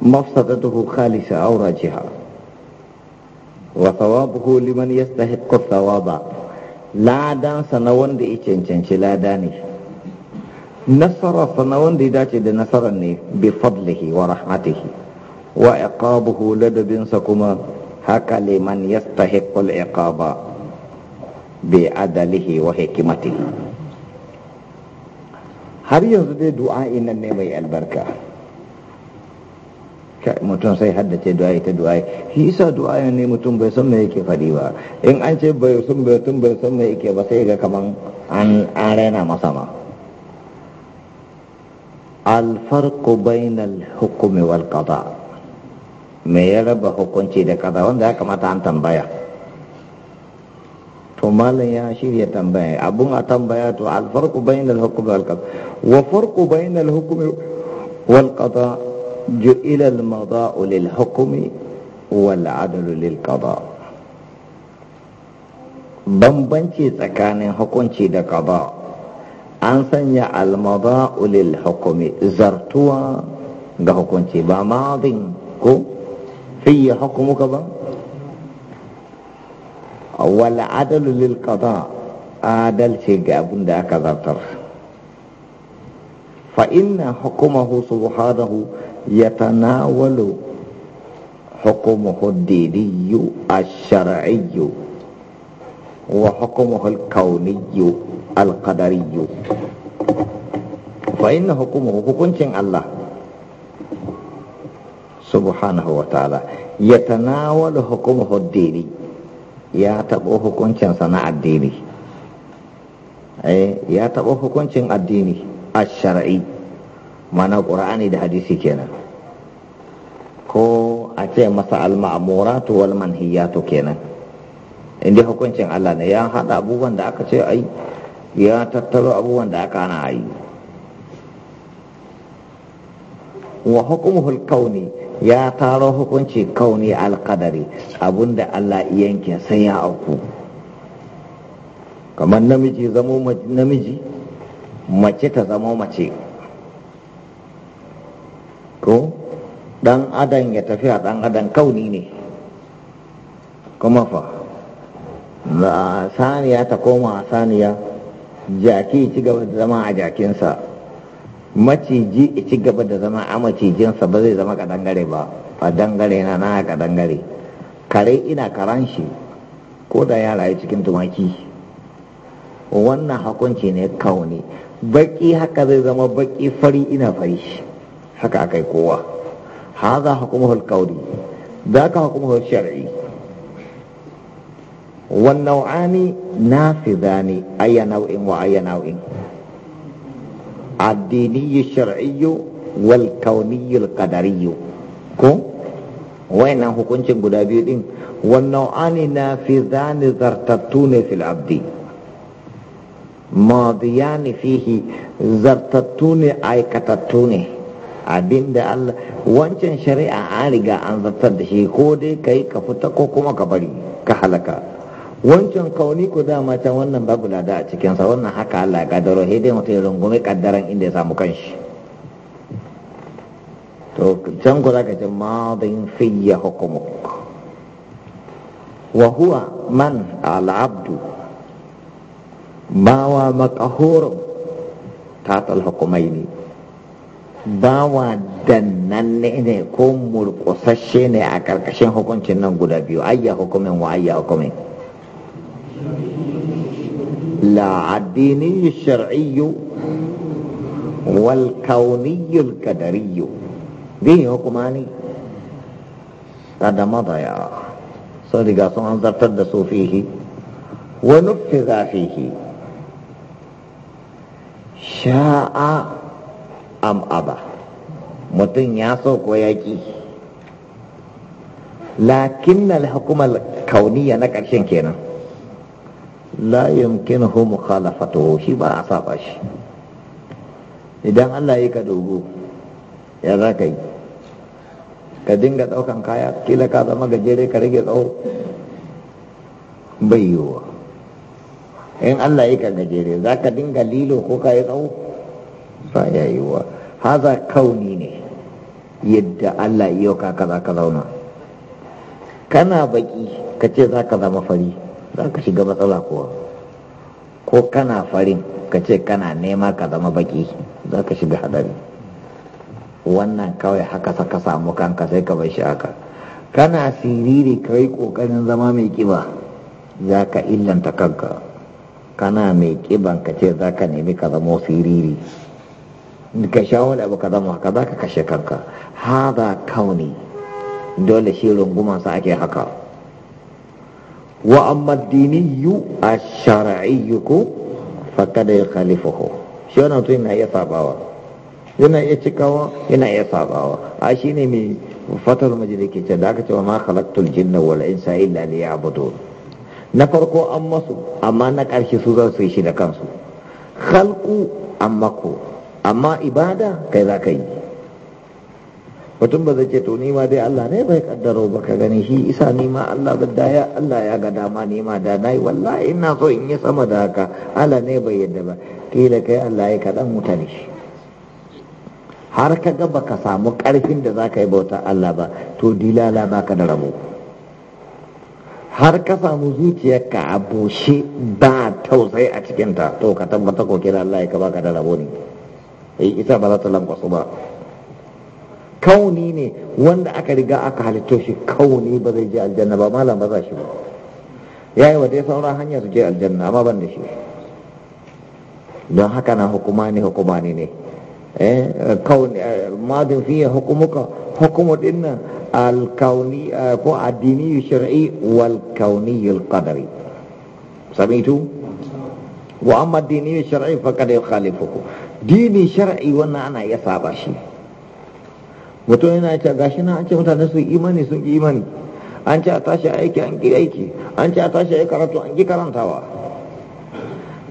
mafsadatuhu khalisa aura jiha wa liman yastahiqqu thawaba ladan na wanda ya cancanci lada ne nasara na wanda ya dace da nasarar ne bi fadlihi wa rahmatihi wa iqabuhu ladabinsa kuma haka liman yastahiqqu al iqaba adalihi wa وحكمته har yanzu dai du'a'i nan ne mai albarka mutum sai haddace du'a ita du'a shi isa du'a'i ne mutum bai san mai yake fadi ba in an ce bai san bai tun bai san mai yake ba sai ga kaman an raina masa ma alfarku bainal hukumi wal qada me ya raba hukunci da kada, wanda ya kamata an tambaya to malam ya shirya tambaya abun a tambaya to alfarku bainal hukmi wal qada wa farqu bainal hukmi wal qada ila al mada'u lil hukm wal adl lil qada bambanci tsakanin hukunci da qada an sanya al mada'u lil hukm zartuwa ga hukunci ba madin ko fi hukmuka ba Wala adalu lil qada adalci ga abin da aka zartar fa inna hukumahu subhanahu yatanawalu hukumuhu diniyu ash-shar'iyyu wa hukumuhu al-kawniyyu al-qadariyyu fa inna hukumahu hukuncin Allah subhanahu wa ta'ala yatanawalu hukumahu diniyu ya taɓo hukuncinsa na addini eh, ya taɓo hukuncin addini a shari'i mana ƙura'ani da hadisi kenan ko a ce masa al-ma'amuratu wal manhiyatu kenan inda hukuncin Allah ne ya haɗa abubuwan da aka ce ai ya tattaro abubuwan da aka hana yi. wa hukumuhul kauni ya taro hukunci kauni alkadari abinda Allah yanke sai ya auku kamar namiji zamo namiji mace ta zamo mace ko dan adam ya tafi a dan adam kauni ne kuma fa saniya ta koma saniya jaki ci gaba da zama a jakinsa maciji ya ci gaba da zama a macijinsa ba zai zama kadangare ba dangare na na kadangare kare ina karan shi ko da ya cikin tumaki wannan hukunci ne kauni baki haka zai zama baki fari ina fari haka akai kowa haza hukumul kauli ذاك Wannan الشرعي na fi zane نوع وأي نوع الديني الشرعي والكوني القدري كو وين هو كنت بيدين والنوعان نافذان زرتتون في العبد ماضيان فيه زرتتون اي كتتون abinda Allah wancan shari'a an riga an zartar da shi ko dai kai ka fita ko kuma ka bari ka halaka wancan kauni ku dama can wannan babu lada a cikinsa wannan haka Allah ya kaddaro sai dai mutum ya rungume kaddaran inda ya samu kanshi to can ku zaka ce madin fiyya hukumuk wa huwa man al'abdu bawa makahurun tatal hukumai ne bawa dannanne ne ko murkusashe ne a karkashin hukuncin nan guda biyu ayya hukumin wa ayya hukumin لا الديني الشرعي والكوني الكدري دي حكماني هذا مضى يا صدق صنع تدسوا فيه ونفذ فيه شاء am aba متن ياسو so لكن ya الكونية lakin شنكينا hukumar la yumkinuhu mukhalafatuhu shi ba a saba shi idan Allah ya ka dogo ya za ka yi ka dinga daukan kaya kila ka zama gajere ka rage tsawo bai yiwuwa in Allah ya ka gajere za ka dinga lilo ko ka yi tsawo ba ya yiwuwa haza kauni ne yadda Allah ya yau ka kaza ka zauna kana baki ka ce za ka zama fari za ka shiga matsala kuwa ko kana farin ka ce kana nema ka zama baki za ka shiga hadari wannan kawai haka saka samu kanka sai ka bai shi haka kana siriri kai yi ƙoƙarin zama mai ƙiba za ka illanta kanka kana mai ƙiban ka ce za ka nemi ka zama siriri ka sha wani abu ka zama haka za ka kashe kanka haza kauni dole shi rungumansa ake haka Wa amma وأما الديني الشرعي فقد ya شو أنا shi إنها mutum yana iya sabawa? iya cikawa yana iya sabawa a shi ne mai fatar ke ce da aka cewa ma khalaqtul jinna wal insa illa liya'budun na farko an masu amma na karshe su za su yi shi da kansu khalqu amma ko amma ibada kai za ka yi mutum ba zai ce to ni ma dai Allah ne bai kaddaro ba ka gani shi isa ni ma Allah ba ya Allah ya ga dama ni ma da nayi wallahi ina so in yi sama da haka Allah ne bai yadda ba kila kai Allah ya kaɗan mutane shi har ka ga baka samu karfin da zaka yi bauta Allah ba to dilala baka da rabo har ka samu zuciyarka a bushe ba tausayi a cikinta to ka tabbata ko kira Allah ya ka baka da rabo ne eh, isa ba za ta lankwasu ba kauni ne wanda aka riga aka halitto shi kauni ba zai je aljanna ba malam ba za shi ba yi wa dai saura hanyar je aljanna amma ban da shi don haka na hukumani hukumani ne eh kauni eh, madin fiye hukumuka hukumu dinnan alkauni eh, ko addini shar'i wal kauni al qadari samitu wa amma addini shar'i faqad yukhalifuhu dini shar'i wannan ana iya saba shi mutum yana ce gashi na an ce mutane sun imani sun ki imani an ce a tashi aiki an ki aiki an ce a tashi aiki karatu an ki karantawa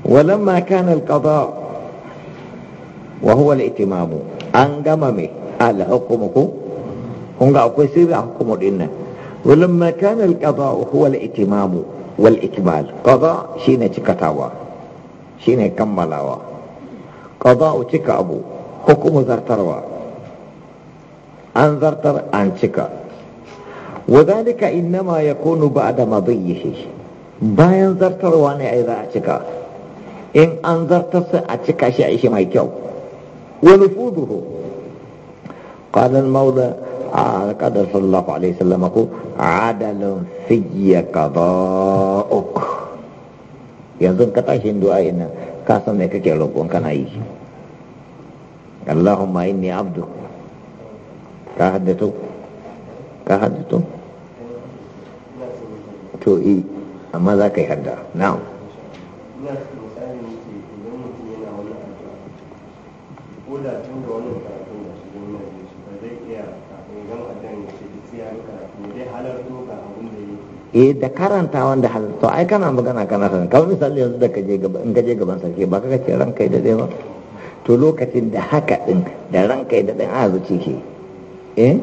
walamma kana alqada wa huwa al-itimam an gama me al-hukm ko kun ga akwai sirri a hukumu din nan walamma kana alqada huwa al-itimam wal ikmal qada shine cikatawa shine kammalawa qada cika abu hukumu zartarwa an zartar an cika wadalika innama ba da madiyhi bayan zartarwa ne ai za a cika in an zartar a cika shi a shi mai kyau wa nufuduhu qala al-mawla qadar sallallahu alaihi wasallam ko adalun ba uku. yanzu ka tashi du'a ina ka san me kake roƙon kana yi Allahumma inni abduka ka haddato ka haddato to i amma za ka yi hadda na'am eh da karanta wanda hal to ai kana magana kana san kawai misali yanzu da kaje gaba in kaje gaban sarki ba ka ce ranka da dai ba to lokacin da haka din da ranka da din a ke eh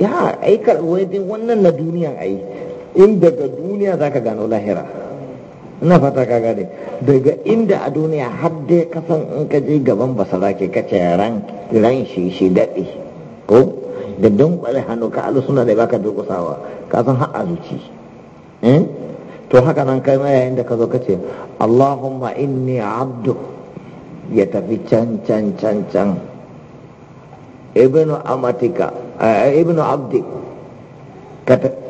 ya dai wannan na duniya ai in daga duniya za ka gano lahira ina fata ka gane daga inda a duniya har dai kasan in ka je gaban basara ke kace ran ran shi shi daɗe ko da dunkwale hannu ka alu suna da baka durkusawa ka san har azuci zuci eh? to haka nan kai ma yayin da ka zo ka ce Allahumma inni abdu ya tafi can can can can ibnu amatika eh, ibnu abdi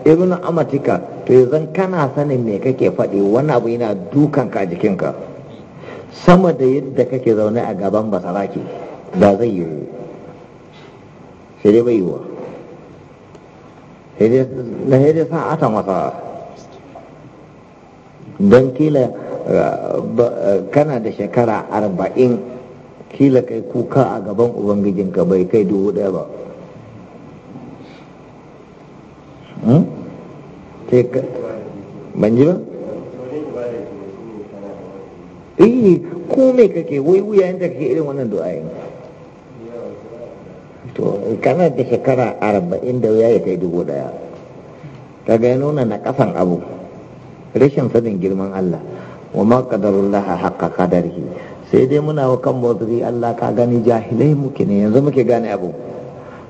ibnu amatika to yanzu kana sanin me kake faɗi wani abu yana dukanka a jikinka sama da yadda kake zaune a gaban basaraki da zai yiwu sai dai yi wa. na hede sa ata masa don kila eh, eh, kana da shekara arba'in kila kai kuka a gaban ubangijinka bai kai dubu ɗaya ba hmm? ban ji ba eh ko me kake wai wuya da kake irin wannan du'ayin to kana da shekara arba'in da wuya ya kai dubu ɗaya Ta ga nuna na kafan abu rashin sanin girman Allah wa ma kadarullaha haqqa qadarihi sai dai muna wa kan mawaziri Allah ka gani jahilai muke ne yanzu muke gane abu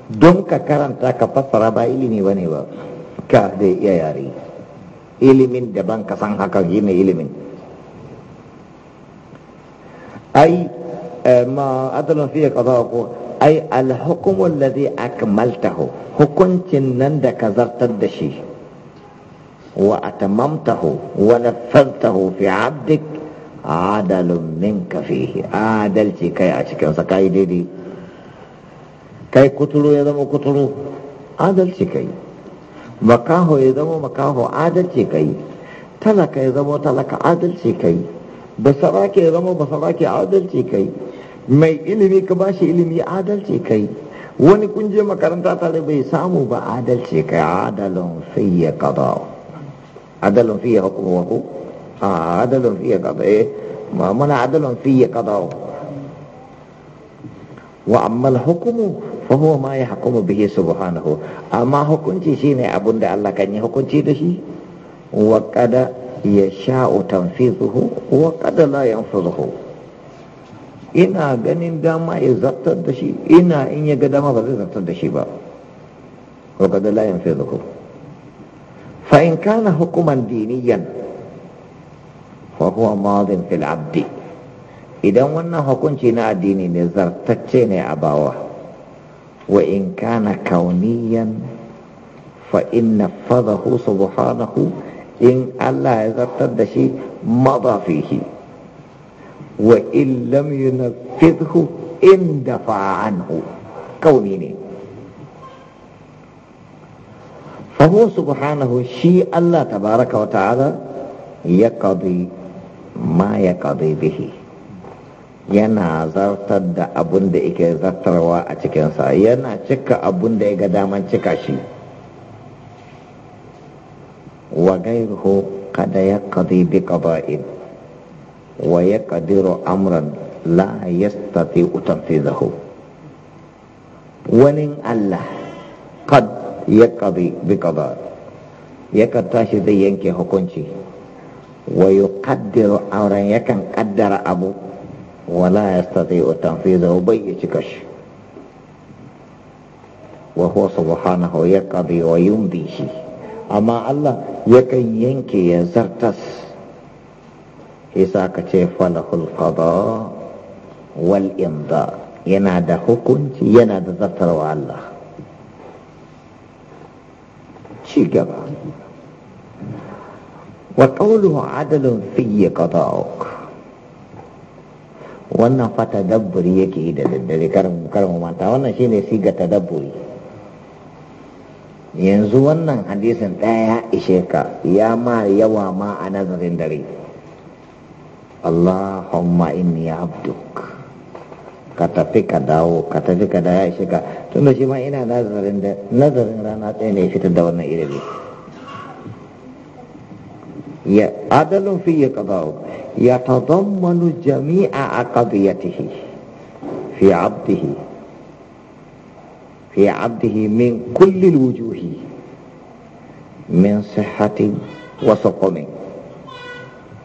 don ka karanta ka fassara ba ilimi ba ne ba ka da iya yare ilimin daban ka san hakan yi ne ilimin ai eh, ma adalon fiye kaza ko ai alhukumul ladhi akmaltahu hukuncin nan da ka zartar da shi wa atamamtahu wa nafantahu fi abdik adalun minka fihi adalci kai a cikinsa kai daidai kai kuturu ya zama kuturu adalci kai makaho ya zama makaho adalci kai talaka ya zama talaka adalci kai basarake ya zama basarake adalci kai mai ilimi ka bashi ilimi adalci kai wani kunje makaranta tare bai samu ba adalci kai adalun fiye kada adalun fiye hukumu a adalun fiye kaza eh ma fiye kaza wa ammal hukumu fa ma ya hukumu bihi subhanahu amma hukunci shine abun da Allah kan yi hukunci da shi wa kada yasha'u tanfizuhu wa kada la ina ganin dama ya zartar da shi ina in ya dama ba zai zartar da shi ba wa kada la yanfizuhu fa hukuman diniyan فهو ماض في العبد إذا ونا حكمنا ديني نظر تجنة أباوة وإن كان كونيا فإن نفذه سبحانه إن الله إذا ارتد شيء مضى فيه وإن لم ينفذه إن دفع عنه كونيني فهو سبحانه شيء الله تبارك وتعالى يقضي ma ya bihi yana zartar da abun da yake zartarwa a cikinsa yana cika abun da ya ga daman cika shi wa gairuhu kada ya kadi bi qada'in wa ya kadiru amuran la yastati zaho. wani Allah kad ya kadi bi qada ya tashi zai yanke hukunci ويقدر أمرا يكن قدر أبو ولا يستطيع تنفيذه بيتكش وهو سبحانه يقضي ويمضي أما الله يكن ينكي يزرتس حساك له القضاء والإمضاء ينادى حكم ينادى ذكر الله شيء وقوله fiye في قضاءك wannan fata tadabburi yake da daddare karin mata wannan shi ne siga tadabburi yanzu wannan hadisin ɗaya ishe ka ya ma yawa ma a nazarin dare Allahumma inni abduk ka tafi ka dawo ka tafi ka da ya ishe ka tunda shi ma ina nazarin rana ɗaya ne fitar da wannan ilimi عدل في قضاء يتضمن جميع عقبيته في عبده في عبده من كل الوجوه من صحة وسقم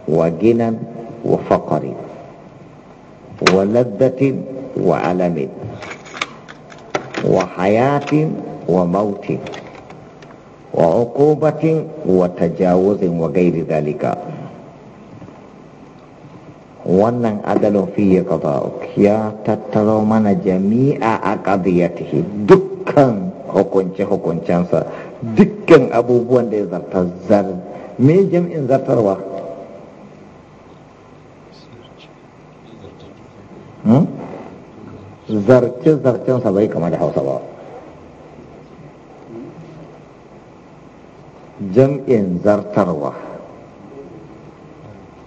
وغنى وفقر ولذة وألم وحياة وموت tajawuzin wa وغير ذلك wannan adalon fiye ba ya tattaro mana jami'a a qadiyatihi dukkan hukunce hukuncensa dukkan abubuwan da ya zartar zar me jami'in zartarwa hmm? zarce zarcensa bai kama da hausa ba jam'in zartarwa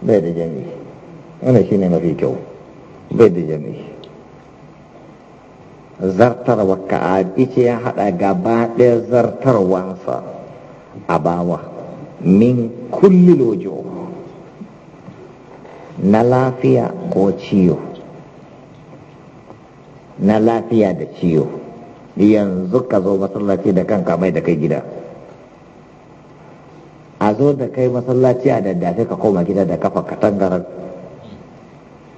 bai da jami'i shi ne mafi kyau bai da jami'i zartarwa ka ce ya haɗa gaba ɗaya zartarwansa a bawa min kulli lojo na lafiya ko ciyo na lafiya da ciyo yanzu ka zo masallaci da kanka mai da kai gida a zo da kai masallaci a sai ka koma gida da kafa katangarar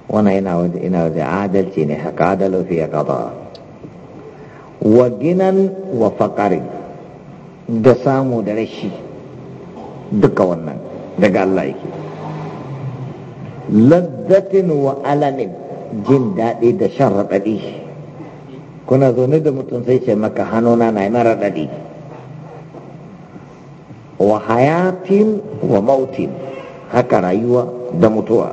wannan yana waje ina waje adalci ne haka adalo fi gaba wa ginan wa faƙari da samu da rashi duka wannan daga Allah yake lazzatin wa alamin jin daɗi da shan raɗaɗi kuna zaune da mutum sai ce maka hannuna na yi mara raɗaɗi wa hayatin wa mautin haka rayuwa da mutuwa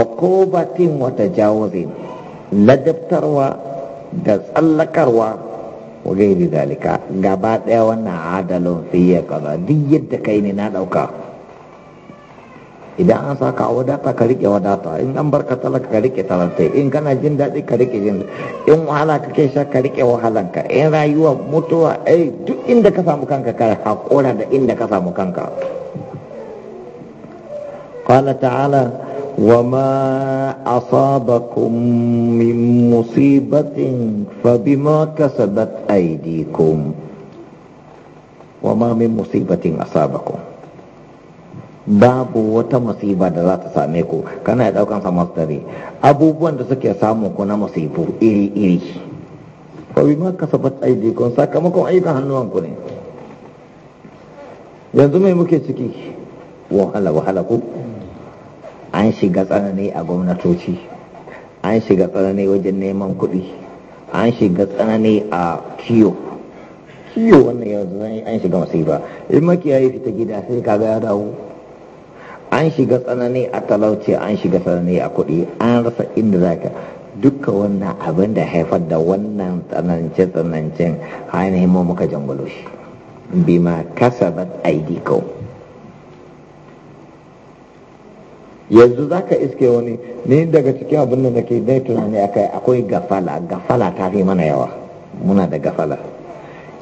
uqubatin wata tajawuzin ladabtarwa da tsallakarwa wa gairi dalika gaba daya wannan adalon fiye kaza duk yadda kai ne na ɗauka. idan an saka a wadata ka rike wadata in an barka talaka ka rike talanta in kana jin daɗi ka rike jin in wahala ka kake sha ka rike wahalan ka in rayuwa mutuwa ai eh, duk inda ka samu kanka ka hakura da inda ka samu kanka qala ta'ala wa ma asabakum min musibatin fa bima kasabat aydikum wa ma min musibatin asabakum babu wata masiba da za ta same ku kana ya daukan sa masdari abubuwan da suke samu ku na musibu iri iri ko bi ma kasabat aidikum sakamakon ayyukan hannuwan ku ne yanzu mai muke ciki wahala wahala ku an shiga tsanani a gwamnatoci an shiga tsanani wajen neman kuɗi an shiga tsanani a kiyo kiyo wannan yanzu an shiga masifa in makiyayi fita gida sai kaga ya dawo an shiga tsanani a talauci an shiga tsanani a kuɗi an rasa inda zaka duka wannan abin da haifar da wannan tsanance tsanancen ainihin mu muka jangulo shi bima kasabat aidikau yanzu za ka iske wani ne daga cikin abin da nake dai tunani akai akwai gafala gafala ta fi mana yawa muna da gafala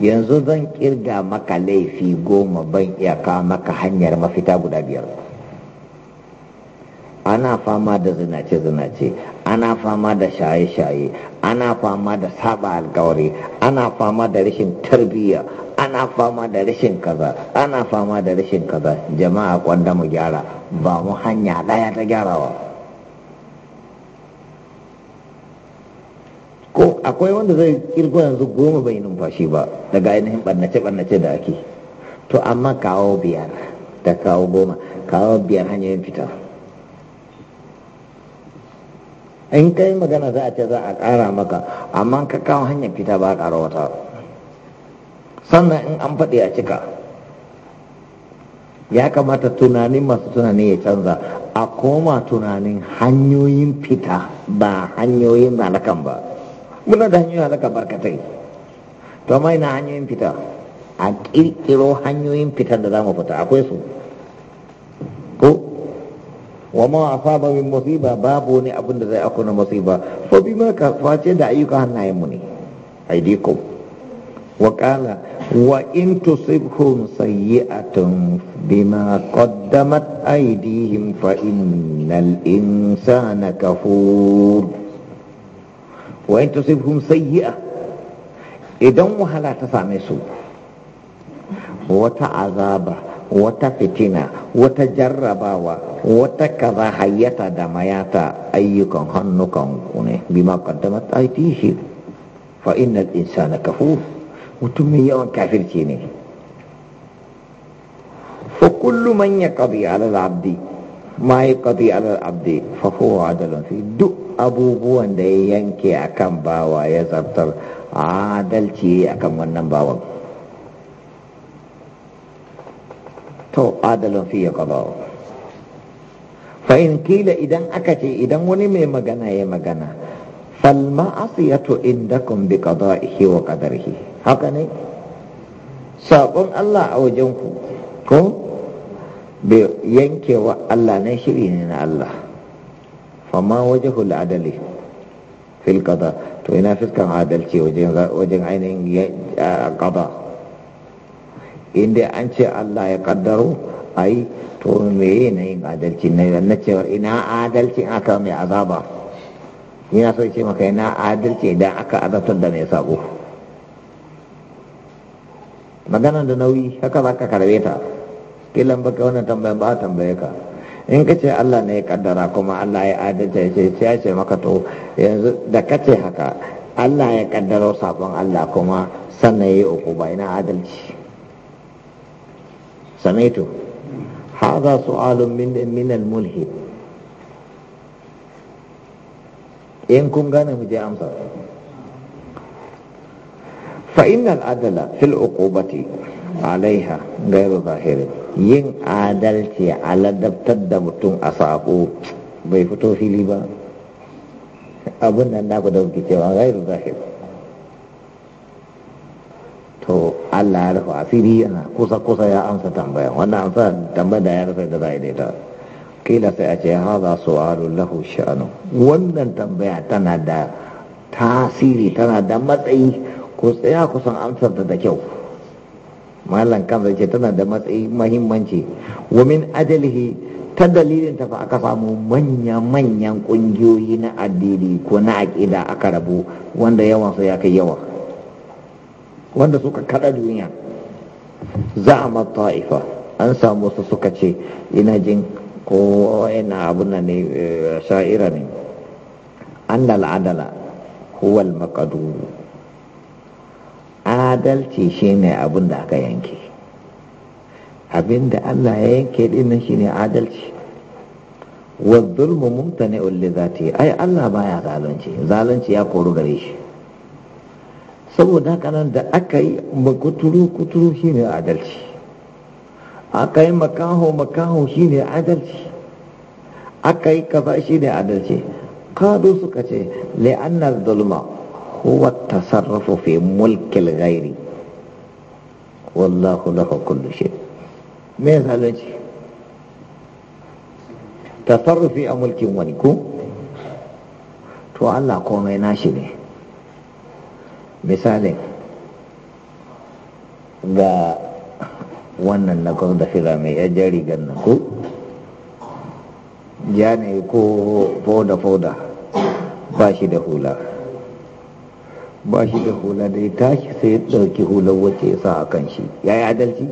yanzu zan kirga maka laifi goma ban iyaka maka hanyar mafita guda biyar ana fama da zinace-zinace ana fama da shaye-shaye ana fama da saba alkawari ana fama da rashin tarbiyya ana fama da rashin kaza ana fama da rashin kaza jama'a kwanda mu gyara ba mu hanya daya ta gyarawa ko akwai wanda zai kirgo yanzu goma bai numfashi ba daga ainihin ɓannace-ɓannace da ake to amma kawo biyar da kawo goma kawo biyar hanyoyin fita in kai magana za a ce za a ƙara maka amma ka kawo hanyar fita ba a ƙara wata sannan in an faɗi a cika ya kamata tunanin masu tunani ya canza a koma tunanin hanyoyin fita ba hanyoyin halakan ba muna da hanyoyin halaka barkatai to mai ina hanyoyin fita a ƙirƙiro hanyoyin fitar da za mu fita akwai su ko wa ma asaba min musibah babu ni abun da zai aku na musibah fa bima ka face da ayyuka hannaye mu ne aidiku wa kala wa in tusibhum sayyi'atun bima qaddamat aydihim fa innal insana kafur wa in tusibhum sayyi'a idan wahala ta same su wata azaba wata fitina wata jarrabawa wata kaza hayyata da mayata ayyukan hannukan ku ne bima qaddamat aytihi fa innal insana kafur mutum mai yawan kafirci ne fa kullu man yaqdi ala al-abdi ma yaqdi ala al-abdi fa huwa adalun fi duk abubuwan da ya yanke akan bawa ya zartar adalci akan wannan bawan to adalin fiye qada'u fa'in kila idan aka ce idan wani mai magana ya magana fal ma'asiyatu indakum bi qada'ihi wa qadarihi haka ne sabon Allah a wajen ku ko bai yankewa Allah ne shiri ne na Allah fama wajahul adali fil qada to ina fiskan adalci wajen wajen ainihin qada inda an ce Allah ya kaddaro ai to me na yin adalci na na cewa ina adalci aka mai azaba ina so ce maka ina adalci idan aka azabtar da mai sako maganar da nauyi haka za ka karbe ta kilan baka wannan tambayan ba tambaye ka in ka ce Allah ne ya kaddara kuma Allah ya adalci ya ce ya ce maka to yanzu da ka ce haka Allah ya kaddaro sabon Allah kuma sannan ya yi uku ba ina adalci سمعت هذا سؤال من من الملحد إن كن كان مجي أمسا فإن العدل في العقوبة عليها غير ظاهر yin adalci a ladabtar da mutum a saƙo bai fito fili ba abin nan naku da cewa gairu to Allah ya rufe asiri yana kusa kusa ya amsa tambaya wannan amsa tambaya da ya rufe da za daidaita kila sai a ce haza su'alu lahu sha'anu wannan tambaya tana da tasiri tana da matsayi ko tsaya kusan amsar da kyau mallan kansa ce tana da matsayi mahimmanci wa min ajalihi ta dalilin ta fa aka samu manya manyan kungiyoyi na addini ko na aƙida aka rabu wanda yawan su ya kai yawa wanda suka kada duniya za'ama ta'ifa an samu su suka ce ina jin ko ina abunan ne eh, sha'ira ne an adala huwa al adalci shine abin da aka yanke Abinda Allah ya yanke dinnan ne adalci ne ulle za ta zati ai Allah baya zalunci zalunci ya koru gare shi saboda haka nan da aka yi makuturu kuturu shine adalci aka yi makaho makaho shine adalci aka yi shi shine adalci kado suka ce li'annar zulma huwa tasarrufu fi mulkil ghairi wallahu na kullu shi me zalunci tasarrufi a mulkin wani ko to Allah komai nashi ne misalin ga wannan na kwan da fila mai ya jarigan na ku ya ne ko foda-foda ba shi da hula ba shi da hula da ya tashi sai ya ɗauki hular wacce ya sa a kan shi ya yi adalci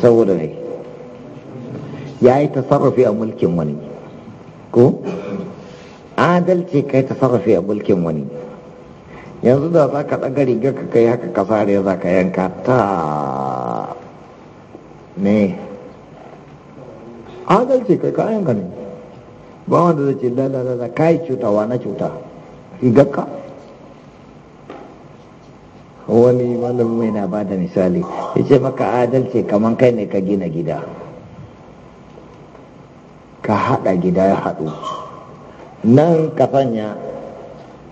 saboda ne ya yi tasarrafi a mulkin wani ko adalci kai tasarrafi a mulkin wani yanzu da za ka ɗaga riga ka kai haka ka sare za ka yanka ta ne adalci kai kayan ka ne ba wanda zai ce lalala yi cuta wa na cuta rigarka wani malami mai na ba da misali ya ce maka adalci kamar kai ne ka gina gida ka haɗa gida ya haɗu nan ka sanya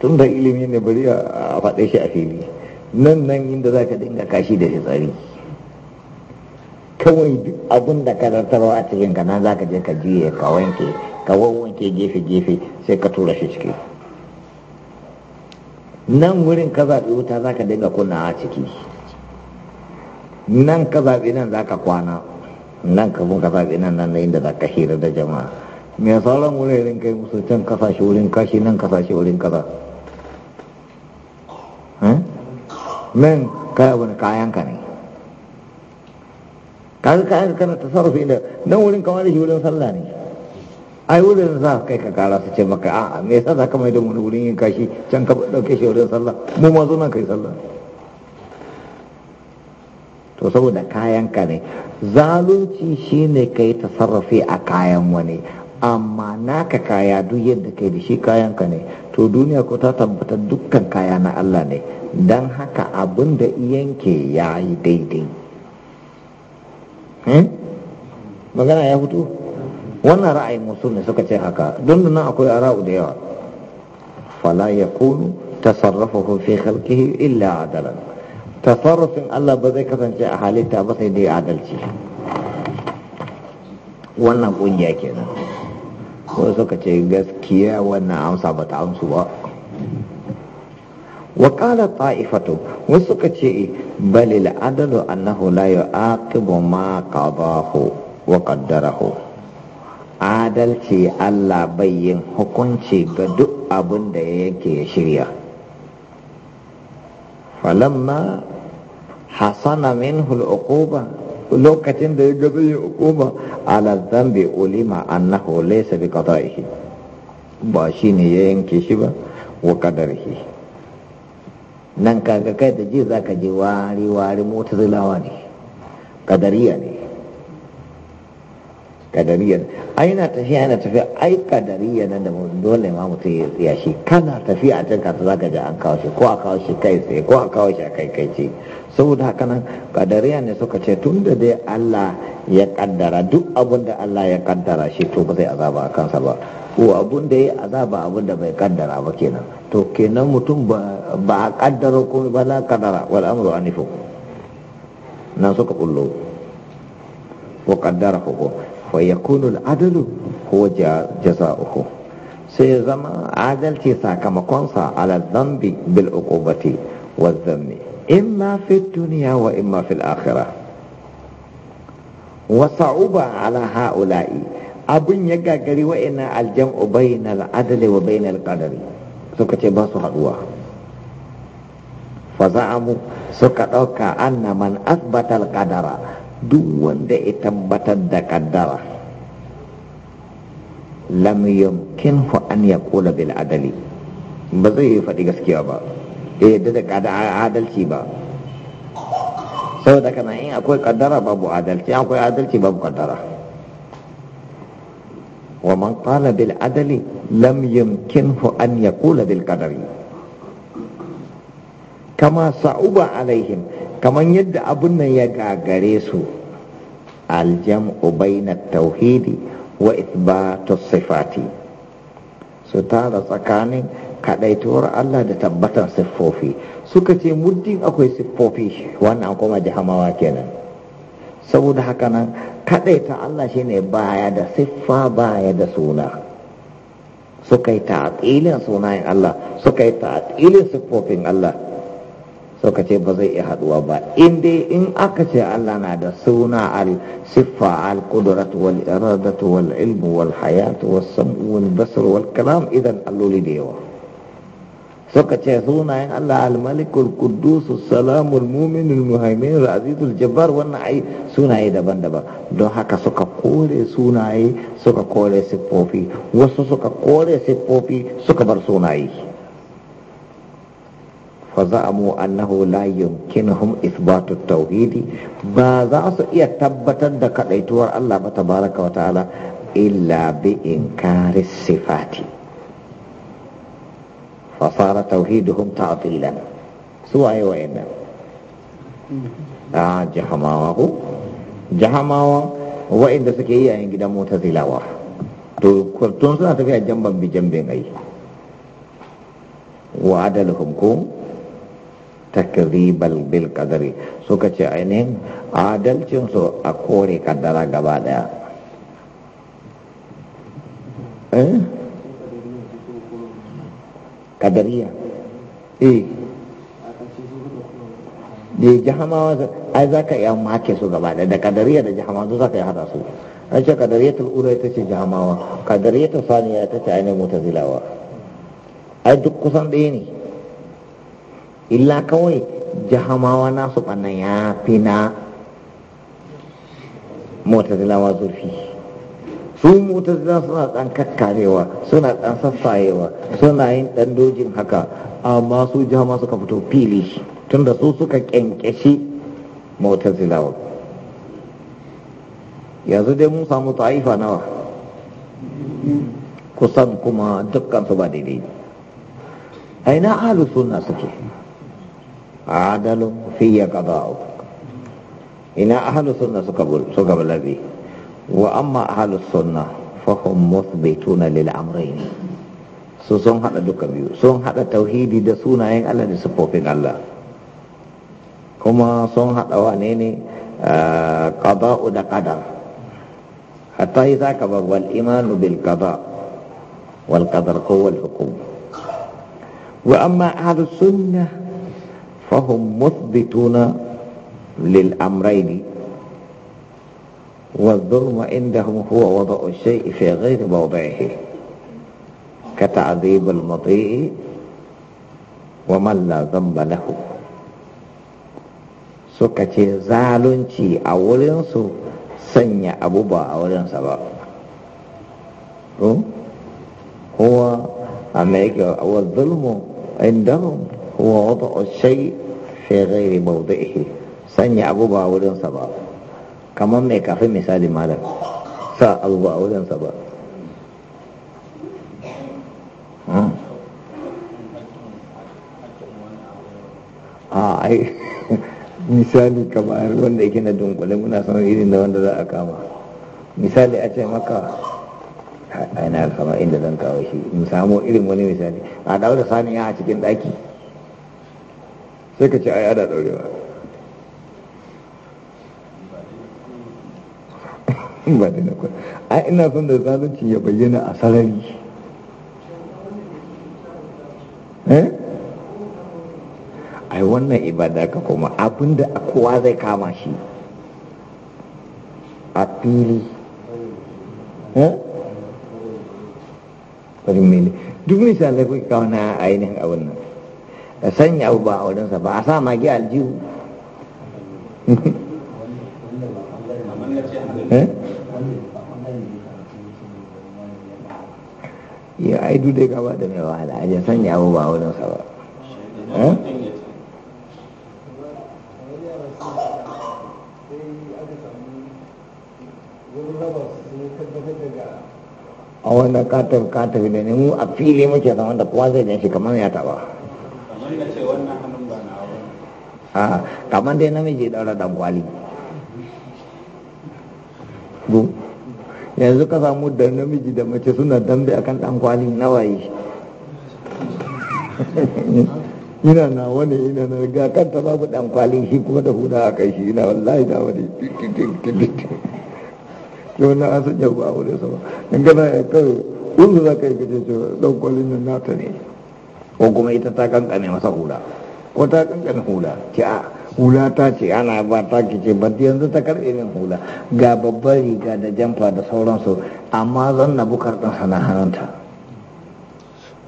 tun da ilimi ne bari a faɗe shi a fili nan nan inda za ka dinga kashi da fitsari kawai duk abin da karantarwa a cikin ka nan za ka je ka juye ka wanke ka wanke gefe-gefe sai ka tura shi ciki nan wurin ka zaɓi wuta za ka dinga kunna a ciki nan ka zaɓi nan za ka kwana nan ka ka zaɓi nan nan inda za ka hira da jama'a mai sauran wurin kai musu can kasashe wurin kashi nan kasashe wurin kaza nan ah, wani kayan ka ne kaga kayan kana tasarrufi kamar shi wurin sallah ne ai wurin za kai ka kara su ce maka a me yasa za ka mai da wani wurin yin can ka shi sallah mu ma kai sallah to saboda kayan ka ne zalunci shine kai tasarrufi a kayan wani amma naka kaya duk yadda kai da shi kayan ka ne to duniya ko ta tabbatar dukkan kaya na Allah ne don haka abin da yanke ya yi daidai eh? magana ya fito wannan ra'ayin musu ne suka ce haka don nan akwai ara'u da yawa fala ya kunu tasarrafahu fi khalqihi illa adalan tasarrufin Allah ba zai kasance a halitta ba sai dai adalci wannan kungiya kenan wani suka ce gaskiya wannan amsa bata amsu ba wa ƙada ta'ifatu wasu suka ce balil adadu annahu la yi aqibu ma qadahu wa qaddarahu adalci Allah bai yin hukunci ga duk abin da ya yake ya shirya falamma hasana minhu al-uquba lokacin da ya gaza ya hukuma ala zambi ulima annahu laysa bi qada'ihi ba shine ya yanke shi ba wa qadarihi nan kaga kai da ji zaka je wari wari mutazilawa ne qadariya ne kadariyar ai na tafiya yana tafiya ai kadariya nan da dole ma mutum ya tsaya shi kana tafiya a can kasa zaka ji an kawo shi ko a kawo shi kai tsaye ko a kawo shi a kai kai ce saboda haka nan kadariya ne suka ce tun da dai Allah ya kaddara duk abin da Allah ya kaddara shi to ba zai azaba a kansa ba ko abin da ya azaba abin da bai kaddara ba kenan to kenan mutum ba a kaddara ko ba la kaddara wal amru anifu nan suka kullo ko kaddara ko wa yakunu al-adalu jaza uku? sai ya zama adalci sakamakonsa ala zambi bil uqubati wa dhanbi imma fi duniya wa imma fil akhira. wa sa'uba ala ha'ula'i abun ya gagari wa'ina aljam'u bainal adli wa bainal qadari suka ce ba su haduwa fa za'amu suka dauka anna man asbata al qadara duk wanda ya tabbatar da kaddara lam yumkinhu an yaqula bil adali ba zai yi faɗi gaskiya ba ya yadda da adalci ba saboda kana in akwai kaddara babu adalci akwai adalci babu kaddara wa man qala bil adali lam hu an yaqula bil qadari kama sa'uba alaihim kaman yadda abun nan ya gagare su aljam'u bainat tauhidi wa itbatus sifati Su tara tsakanin kadaituwar Allah da tabbatar siffofi suka ce muddin akwai siffofi wannan kuma jahamawa kenan saboda haka nan kadaita Allah shine baya da siffa baya da suna suka yi ta'atilin sunayen Allah suka yi ta'atilin siffofin Allah so ce ba zai iya haduwa ba in dai in aka ce Allah na da suna al siffa al kudurat wal iradat wal ilm wal hayat wal sam'u wal basar wal kalam idan alloli da yawa so ce sunayen Allah al malikul quddus salamul mumin al muhaimin al jabbar wannan ai sunaye daban-daban don haka suka kore sunaye suka kore siffofi wasu suka kore siffofi suka bar sunaye Fa za mu Allah ta'ad da ke da ba za su iya tabbatar da kaɗaituwar Allah ta'ad ba wata ala illa be in kare shi fati? Fasara ta'uhudi ta a fila su waye wa 'yan nan? Aa jahama waƙo? Jahama waƙo, wa'inda gidan mota da zillawar. To tun suna tafiya a janɓan biɗan biɗan Wa dama ko? takribal bil kadari suka ce ainihin so a kore kaddara gaba daya eh? kadariya eh da jahamawa ai za ka iya make su gaba da da kadariya da jahamawa za ka iya hada su an ce ta ura ita ce jahamawa kadariyatul saniya ita ce ainihin mutazilawa ai duk kusan ɗaya ne illa kawai jahamawa nasu ɓannan ya fi na zilawa zurfi su mutazila suna ɗan kakkarewa suna ɗan sassayewa suna yin ɗan dojin haka amma su jahama suka fito fili tunda su suka ƙyanƙyashi zilawa. yanzu dai mun samu ta'ifa nawa kusan kuma dukkan su ba daidai aina Alu suna suke عدل في قضاءك إن أهل السنة سقبل أبي وأما أهل السنة فهم مثبتون للأمرين سوسون هذا دكم يو سون هذا توحيد دسونا إن الله دسبوك إن الله كما سون هذا وانيني آه، قضاء ودا قدر حتى إذا كبر الإيمان بالقضاء والقدر هو الحكم وأما أهل السنة فهم مثبتون للأمرين والظلم عندهم هو وضع الشيء في غير موضعه كتعذيب المطيع ومن لا ذنب له suka ce zalunci a wurinsu sanya abu أول a wurinsa ba kowa a mai yake zulmu هو وضع الشيء في غير موضعه sanya abu ba wurinsa ba kamar mai kafin misali malam sa abu ba wurinsa ba a ai misali kamar wanda yake na dunkule muna son irin da wanda za a kama misali a ce maka aina kama inda zan kawo shi Mu samu irin wani misali a daura ya a cikin daki sai ka ce ai ana daurewa ba da nakon ai ina son da zalunci ya bayyana a sarari eh ai wannan ibada ka kuma abinda kowa zai kama shi a fili eh duk misalai kuka kawo na ainihin abin ka sanya abu ba a wurinsa ba a sa magi aljihu eh? ya aidu dai gaba da mai wahala a jin sanya abu ba a wurinsa ba a wannan katar katar da ne mu a fili muke zama da kowa zai gan shi kamar ya taba a kamar dai namiji daura bu yanzu ka samu da namiji da mace suna dambe akan dangwali nawaye ina na wani ina na ga ta babu kwali shi kuma da huda a kai shi ina wallahi da wani yau ko kuma ita ta kankane masa hula ko ta kankane hula ce a hula ta ce ana ba ta ki ce ba yanzu ta karbe min hula ga babbar riga da jamfa da sauransu amma zan na bukar ɗin sana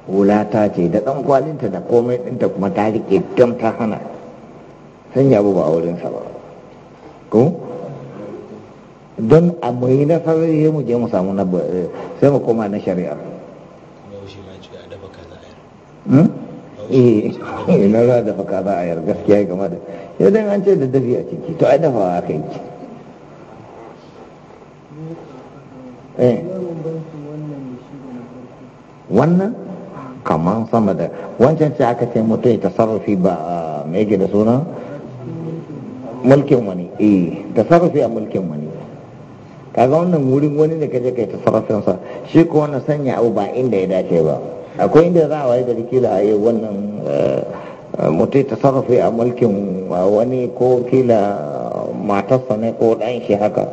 hula ta ce da ɗan kwalinta da komai ɗinta kuma ta riƙe don ta hana sun ya ba a wurinsa ba ko don a mai nasarar mu je mu samu na eh, sai mu koma na shari'a Hmm? eh na za dafa kaza a yar gaskiya game da idan an ce da dafi a ciki to ai dafawa aka yi ci eh. wannan kamar sama da wancan ce aka ce mutu ya tasarrufi ba mai yake da suna mulkin wani eh tasarrufi a mulkin wani kaga wannan wurin wani ne kaje kai tasarrufinsa shi ko wannan sanya abu ba inda ya dace ba akwai inda za a waye da kila a yi wannan eh, eh, mutu sarrafa a mulkin wani ko kila matarsa ne ko ɗan shi haka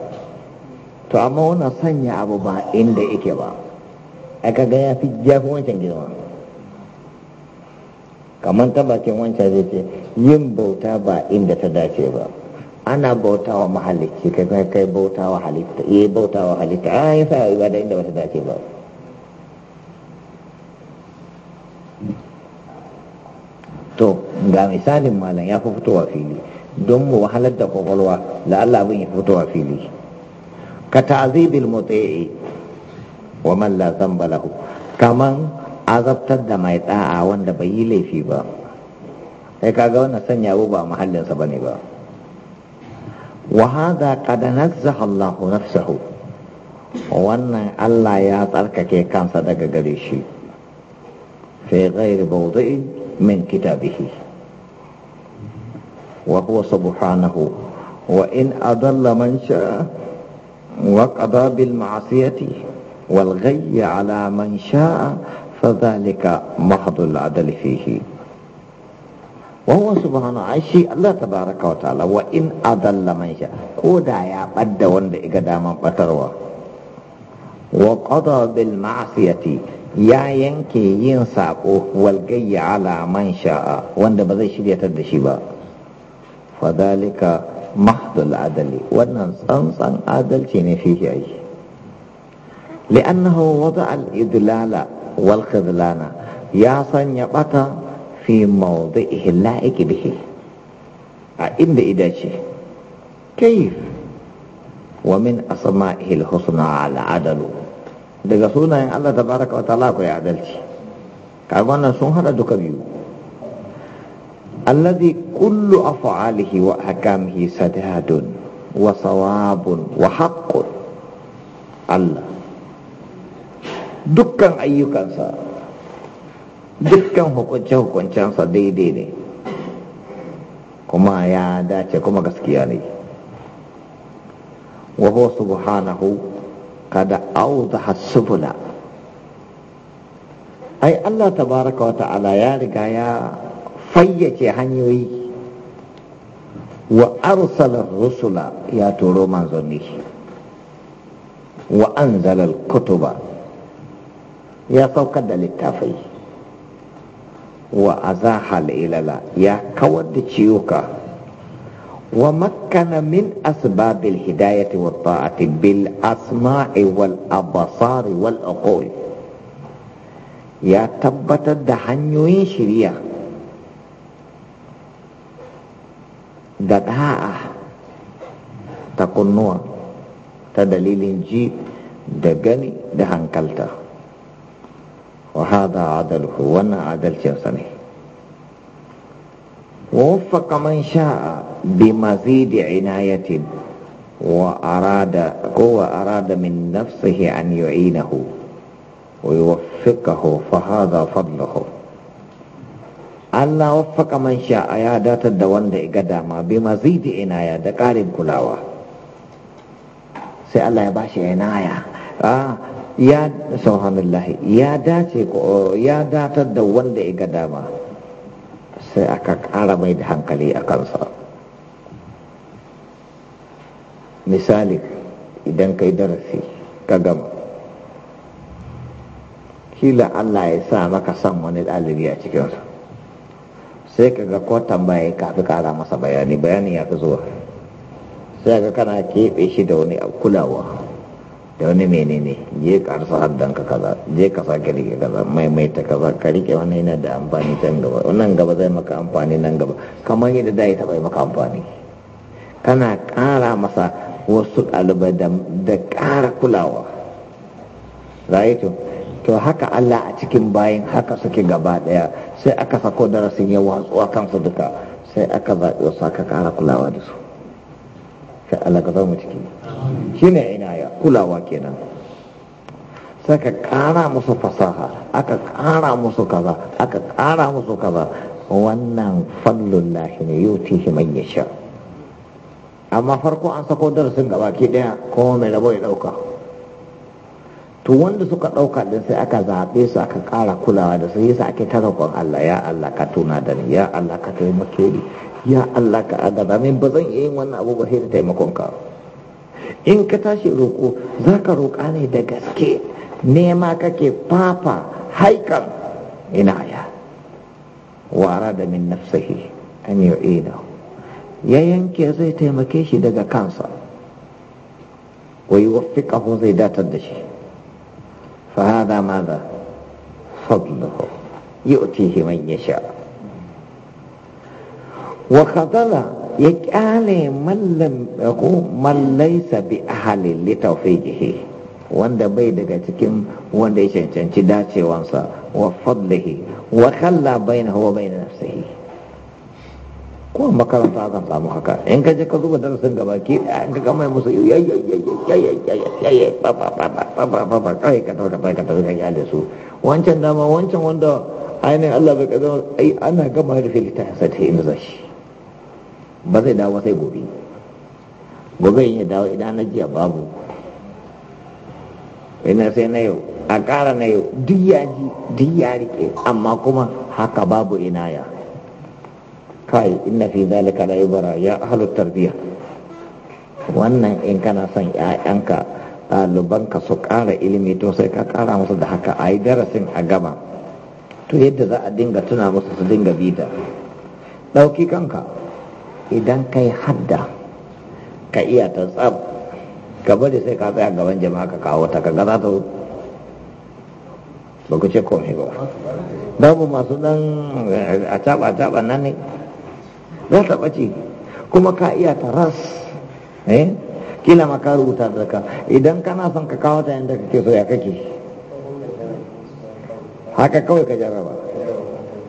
to amma wannan sanya abu ba inda yake ba ka ga ya fi jafi wancan girma kamar ta bakin wancan zai yin bauta ba inda ta dace ba ana bauta wa mahalicci kai kai bauta wa halitta a eh, bauta wa halitta ah, a sa ibada inda ba ta dace ba to ga misalin malam ya fi fitowa fili don mu wahalar da kwakwalwa da Allah abin ya fitowa fili ka ta'azibil mutai'i wa man la zamba lahu kaman azabtar da mai da'a wanda bai yi laifi ba sai kaga wannan sanya abu ba mahallinsa bane ba wa hadha qad nazzaha Allah nafsahu wannan Allah ya tsarkake kansa daga gare shi fi ghairi bawdi'in من كتابه وهو سبحانه وإن أضل من شاء وقضى بالمعصية والغي على من شاء فذلك محض العدل فيه وهو سبحانه عشي الله تبارك وتعالى وإن أضل من شاء كودا يا بد وند إقداما بتروا وقضى بالمعصية ya yanke yin saƙo walgayya ala man sha'a wanda ba zai shiryatar da shi ba fadalika mahdul adali wannan tsantsan adalci ne fi shi aiki li'annahu wata al-idlala wal ya sanya bata fi mawdi'ihi la'iki bihi a inda idace kayf wa min asma'ihi al-husna al-adalu daga sunayen Allah ta baraka wa ta'ala ya adalci kaga wannan sun hada duka biyu alladhi kullu af'alihi wa ahkamihi sadadun wa sawabun wa haqqun Allah dukkan ayyukansa dukkan hukunce-hukuncensa daidai ne kuma ya dace kuma gaskiya ne wa subhanahu kada awdaha subula ai Allah tabaraka wa ta'ala ya riga ya fayyace hanyoyi wa arsalar rusula ya turo manzanni wa anzalal kutuba ya saukar da littafai wa azahal ilala ya kawar da ciwuka ومكن من أسباب الهداية والطاعة بالأسماع والأبصار والعقول يا تبت يوين شريعة دداء تقول نوع تدليل جي دقني كالتا وهذا عدله وانا عدل شمسني ووفق من شاء بمزيد عناية وأراد هو أراد من نفسه أن يعينه ويوفقه فهذا فضله Allah waffaka man sha'a ya datar da wanda ya ga dama bi mazidi inaya da ƙarin kulawa sai Allah ya ba shi inaya ya subhanallahi ya ya datar da wanda ya ga dama sai aka ƙara mai da hankali a kansa misali idan ka yi darasi ka gama kila Allah ya sa maka san wani ɗalibi a cikinsu sai ka ga ko tambaye ka fi ƙara masa bayani bayani ya fi zuwa sai ga kana keɓe shi da wani kulawa da wani menene je haddan ka kaza je ka rike kaza maimaita kaza ka rike wannan yana da amfani can gaba wannan gaba zai maka amfani nan gaba kamar yadda da ya taɓa maka amfani kana ƙara masa wasu ɗalibai da ƙara kulawa ra'ayito to haka Allah a cikin bayan haka suke gaba ɗaya sai aka sako darasin ya watsu kansu duka sai aka zaɓi wasu aka ƙara kulawa da su sai Allah ka zama ciki shi ne inaya kulawa kenan saka kara musu fasaha aka kara musu kaza aka kara musu kaza wannan fallon lahi ne yau tihi man ya sha amma farko an sako darasin gaba ke daya kuma mai rabo ya dauka to wanda suka dauka din sai aka zaɓe su aka kara kulawa da su yasa ake ta roƙon Allah ya Allah ka tuna da ni ya Allah ka taimake ni ya Allah ka agaba min ba zan iya yin wannan abu ba sai da taimakon ka in ka tashi roƙo za ka roƙa ne da gaske nema kake fafa haikar. Ina ya wara da min nafsahi an yi Ina. E ya yanke zai taimake shi daga kansa Wai wafi yuwaffiqahu zai datar da shi fa hada madha fadluhu yu'tihi man sha wa kadala ya kyale mallam ko mallaisa bi ahalin litawfiqihi wanda bai daga cikin wanda ya cancanci dacewansa wa fadlihi wa khalla bainahu wa bain nafsihi ko makaranta zan samu haka in ka je ka zuba darasin gaba ki ka ga mai musu wancan dama wancan wanda ainihin Allah bai kaza ai ana gama da filita sa ta inda zashi ba zai dawo sai gobe gobe ya dawo idan na jiya babu ina sai na yau a ƙara na yau duk ya ji duk ya rike amma kuma haka babu ina inaya kai inna fi zalika la ibara ya ahlut tarbiyya. wannan in kana son 'ya'yanka ɗalibanka su ƙara ilimi to sai ka ƙara musu da haka a yi darasin a gaba to yadda za a dinga tuna musu su dinga bita ɗauki kanka idan kai hadda ka iya ta tsab ka bari sai ka tsaya gaban jama'a ka kawo ta kaga za ta ba ku ce komai ba babu masu dan eh, a taba taba nan ne za ta ɓace kuma ka iya ta ras eh kila ma ka rubuta da ka idan kana son ka kawo ta yadda kake so ya kake haka kawai ka jarraba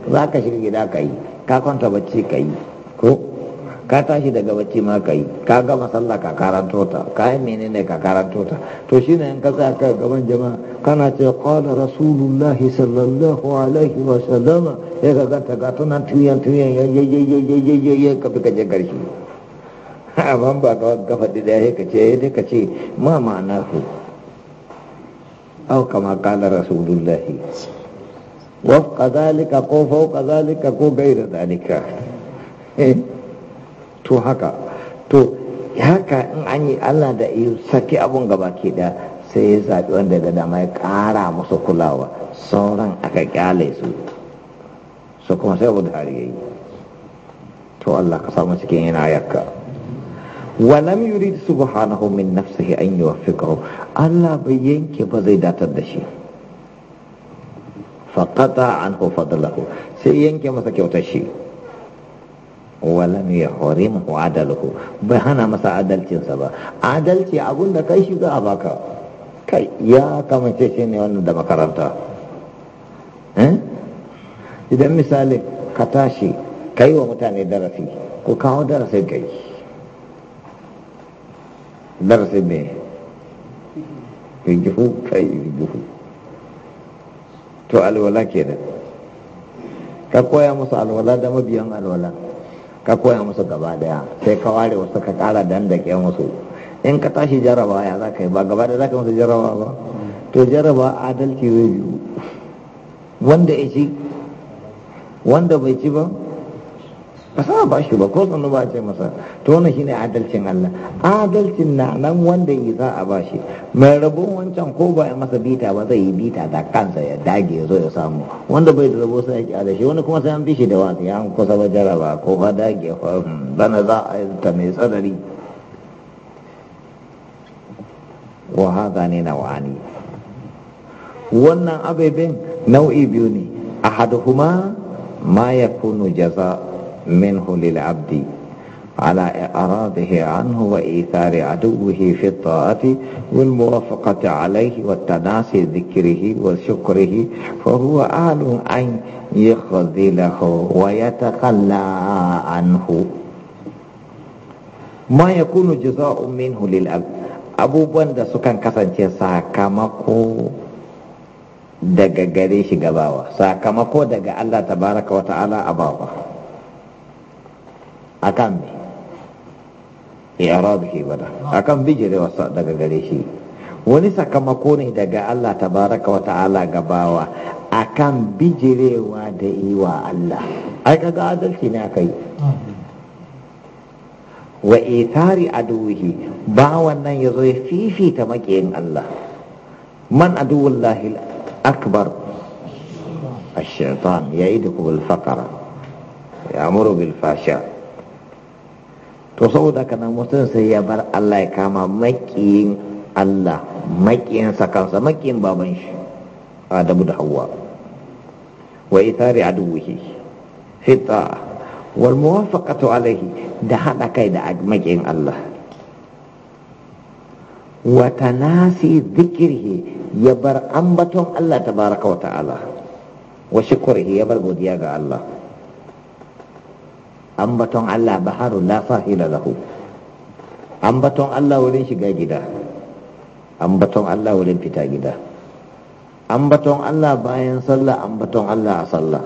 za ka shiga gida ka yi ka kwanta bacci ka yi ko ka tashi daga bacci ma ka yi ka gama sallah ka karanto ta ka yi menene ka karanto ta to shi ne in ka sa ka gaban jama'a kana ce qala rasulullah sallallahu alaihi wa sallama ya ga ga tunan tuyan tuyan ya ya ya ya ya ya ka fi ka je garshi amma ba ka ka faɗi da ya kace ya ka ce ma ma'ana ku au kama qala rasulullah wa zalika ko fawqa zalika ko gaira zalika to haka to haka in an yi allah da yi sake abun gaba ke da sai ya zaɓi wanda da dama ya ƙara musu kulawa sauran aka ƙyale su su kuma sai abu da yi to allah ka samu cikin yana yakka walam hana subhanahu min ya an yuwaffiqahu allah bai yanke ba zai datar da shi faqata anhu fadlahu sai yanke masa kyautar shi walam ya horim wa adalahu bai hana masa adalcinsa ba adalci abun da kai shi za a baka kai ya kamance shi ne wannan da makaranta eh? idan misali ka tashi kai wa mutane darasi ko kawo darasin kai darasin ne rigihu kai rigihu to alwala kenan ka koya musu alwala da mabiyan alwala ka koya musu gaba daya sai ka ware wasu ka kara dan da ke musu in ka tashi jaraba ya za ka yi ba gaba da za ka musu jaraba ba to jaraba adalci zai yi wanda ya ci wanda bai ci ba ba ba shi ba ko sannu ba ce masa to wannan shine adalcin Allah adalcin na nan wanda yi za a ba shi mai rabon wancan ko ba ya masa bita ba zai yi bita da kansa ya dage ya zo ya samu wanda bai da rabo sai ya kyale shi wani kuma sai an fi shi da wasu ya kusa ba jaraba ko ba dage hmm, bana za a yi ta mai tsadari wa haka ne na wani wannan ababen nau'i biyu ne ahaduhuma ma yakunu jaza منه للعبد على أراضه عنه وإيثار عدوه في الطاعة والموافقة عليه والتناسي ذكره وشكره فهو أهل أن يخذله ويتخلى عنه ما يكون جزاء منه للأب أبو بند سكان كسان جيسا كمكو daga gare shi gabawa sakamako daga Allah tabaraka wa ta'ala a bawa akan me ke bada akan bijirewa daga gare shi wani sakamako ne daga Allah tabaraka wa ta'ala gabawa akan bijirewa da iwa Allah ai kaga adalci ne akai wa ithari aduhi ba wannan yazo ya fifita makiyin Allah man aduwullahi akbar الشيطان يعيدكم الفقر يأمر بالفحشاء to saboda haka nan mutum sai ya bar Allah ya kama makiyin Allah makiyansa kansa makiyin baban shi Adamu da Hawwa wa ithari aduwihi fita wal muwafaqatu alaihi da hada kai da makiyin Allah wa tanasi dhikrihi ya bar ambaton Allah tabaraka wa ta'ala wa shukrihi ya bar godiya ga Allah ambaton Allah baharun la fahila lahu ambaton Allah wurin shiga gida ambaton Allah wurin fita gida ambaton Allah bayan sallah ambaton Allah a sallah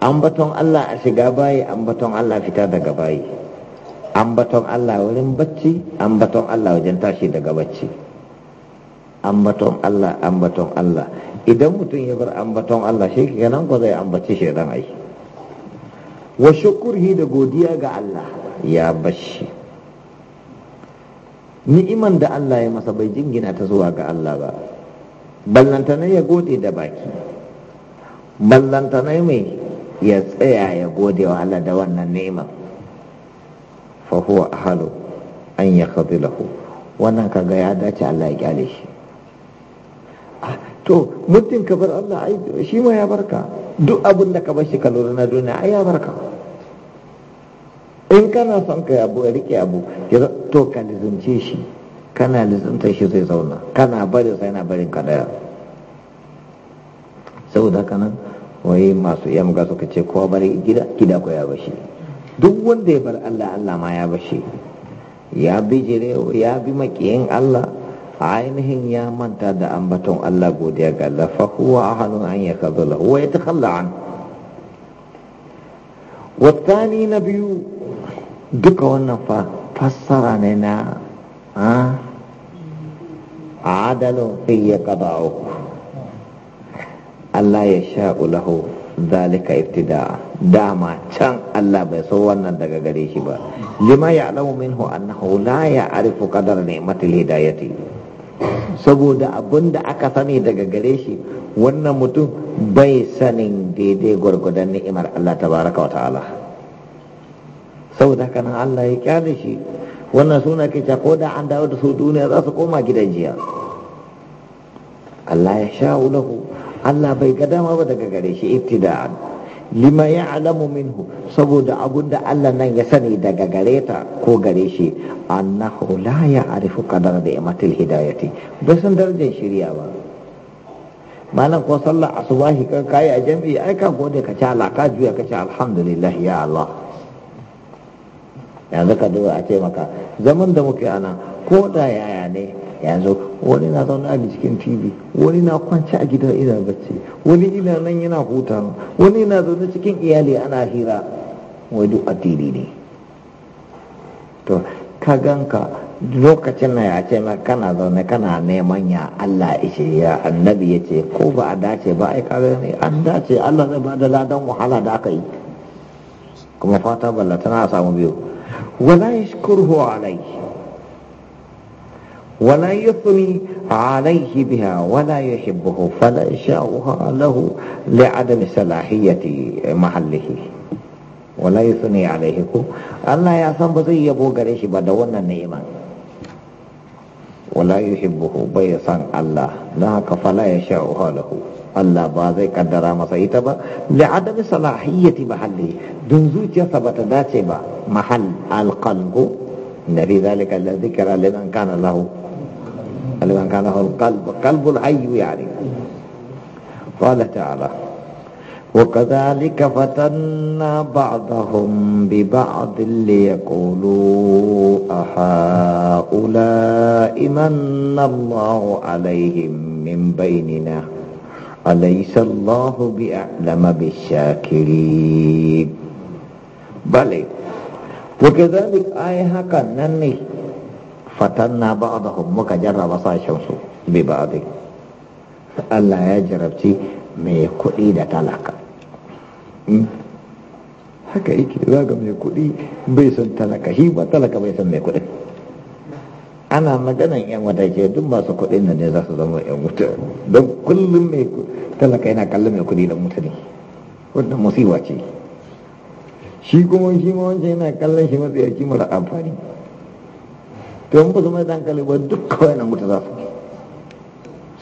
ambaton Allah a shiga bayi ambaton Allah fita daga bayi ambaton Allah wurin bacci ambaton Allah wajen tashi daga bacci ambaton Allah ambaton Allah idan mutum ya bar ambaton Allah shi kenan ko zai ambaci shedan ai wa shukurhi da godiya ga Allah ya bashi ni'iman da Allah ya masa bai jingina ta zuwa ga Allah ba ballantanai ya gode da baki ballantanai mai ya tsaya ya gode wa Allah da wannan ni'imar fa huwa ahalu an khadilahu wannan kaga ya dace Allah ya kyale shi to mutum ka bar Allah ai shi ma ya barka duk abin da ka bar shi ka na duniya ai ya barka in kana son ka abu ya rike abu to ka lizunce shi kana lizunta shi zai zauna kana bari sai na barin ka daya saboda haka nan wai masu iya muka suka ce kowa bari gida gida ko ya bashi duk wanda ya bar Allah Allah ma ya bashi ya bi jire ya bi makiyin Allah ainihin ya manta da ambaton Allah godiya ga Allah fa huwa ahadun an yakadula huwa yatakhalla an na biyu duka wannan fassara ne na a adalin fiye uku Allah ya sha ulahu zalika ibtida'a dama can Allah bai so wannan daga gare shi ba lima ya alamu minhu annahu la ya arifu qadar ni'matil hidayati saboda abin da aka sani daga gare shi wannan mutum bai sanin daidai gwargwadon ni'imar Allah ta baraka wa ta'ala saboda haka nan Allah ya kyale shi wannan suna ke ko da an dawo da su duniya za su koma gidan jiya Allah ya sha lahu Allah bai ga dama ba daga gare shi ibtida'an lima ya alamu minhu saboda abun da Allah nan ya sani daga gare ta ko gare shi annahu la ya arifu kadar da imatul hidayati bai san darajar shirya ba malam ko sallar asubahi kan kayi a jami'i ai ka gode ka ci alaka juya ka ci alhamdulillah ya Allah yanzu ka duba a ce maka zaman da muke ana ko da yaya ne yanzu wani na zaune a cikin tv wani na kwanci a gidan ina bacci wani ina nan yana huta wani na zaune cikin iyali ana hira wai duk addini ne to ka ganka lokacin na ya ce maka kana zaune kana neman ya Allah ishe ya annabi ya ce ko ba a dace ba ai kaga ne an dace Allah zai bada ladan wahala da aka yi kuma fata balla tana samu biyu wala yashkuruhu alai ولا يثني عليه بها ولا يحبه فلا يشاؤها له لعدم صلاحية محله ولا يثني عليه الله يا سنبزي يبو غريش بدون النعمة ولا يحبه بيصان الله نهك فلا يشاؤها له Allah ba zai kaddara masa ita ba da adami salahiyyati mahalli dun zuciyarsa bata dace ba mahal alqalbu nabi zalika alladhi lahu الذي مكانه القلب قلب الحي يعني قال تعالى وكذلك فتنا بعضهم ببعض ليقولوا أهؤلاء من الله عليهم من بيننا أليس الله بأعلم بالشاكرين بل وكذلك آيها هكذا fatanna ba'dahum muka jarraba sashen su bi ba'dhi Allah ya jarabci mai kuɗi da talaka hmm? haka yake zaga mai kuɗi bai son talaka shi ba talaka bai son mai kuɗi ana maganan yan wata ke duk masu kuɗin nan ne za su zama yan wuta don kullum mai talaka yana kallon mai kuɗi da mutane wannan musiba ce shi kuma shi ma wancan yana kallon shi matsayaci mara amfani to in ba su mai ba duk kawai nan wuta za su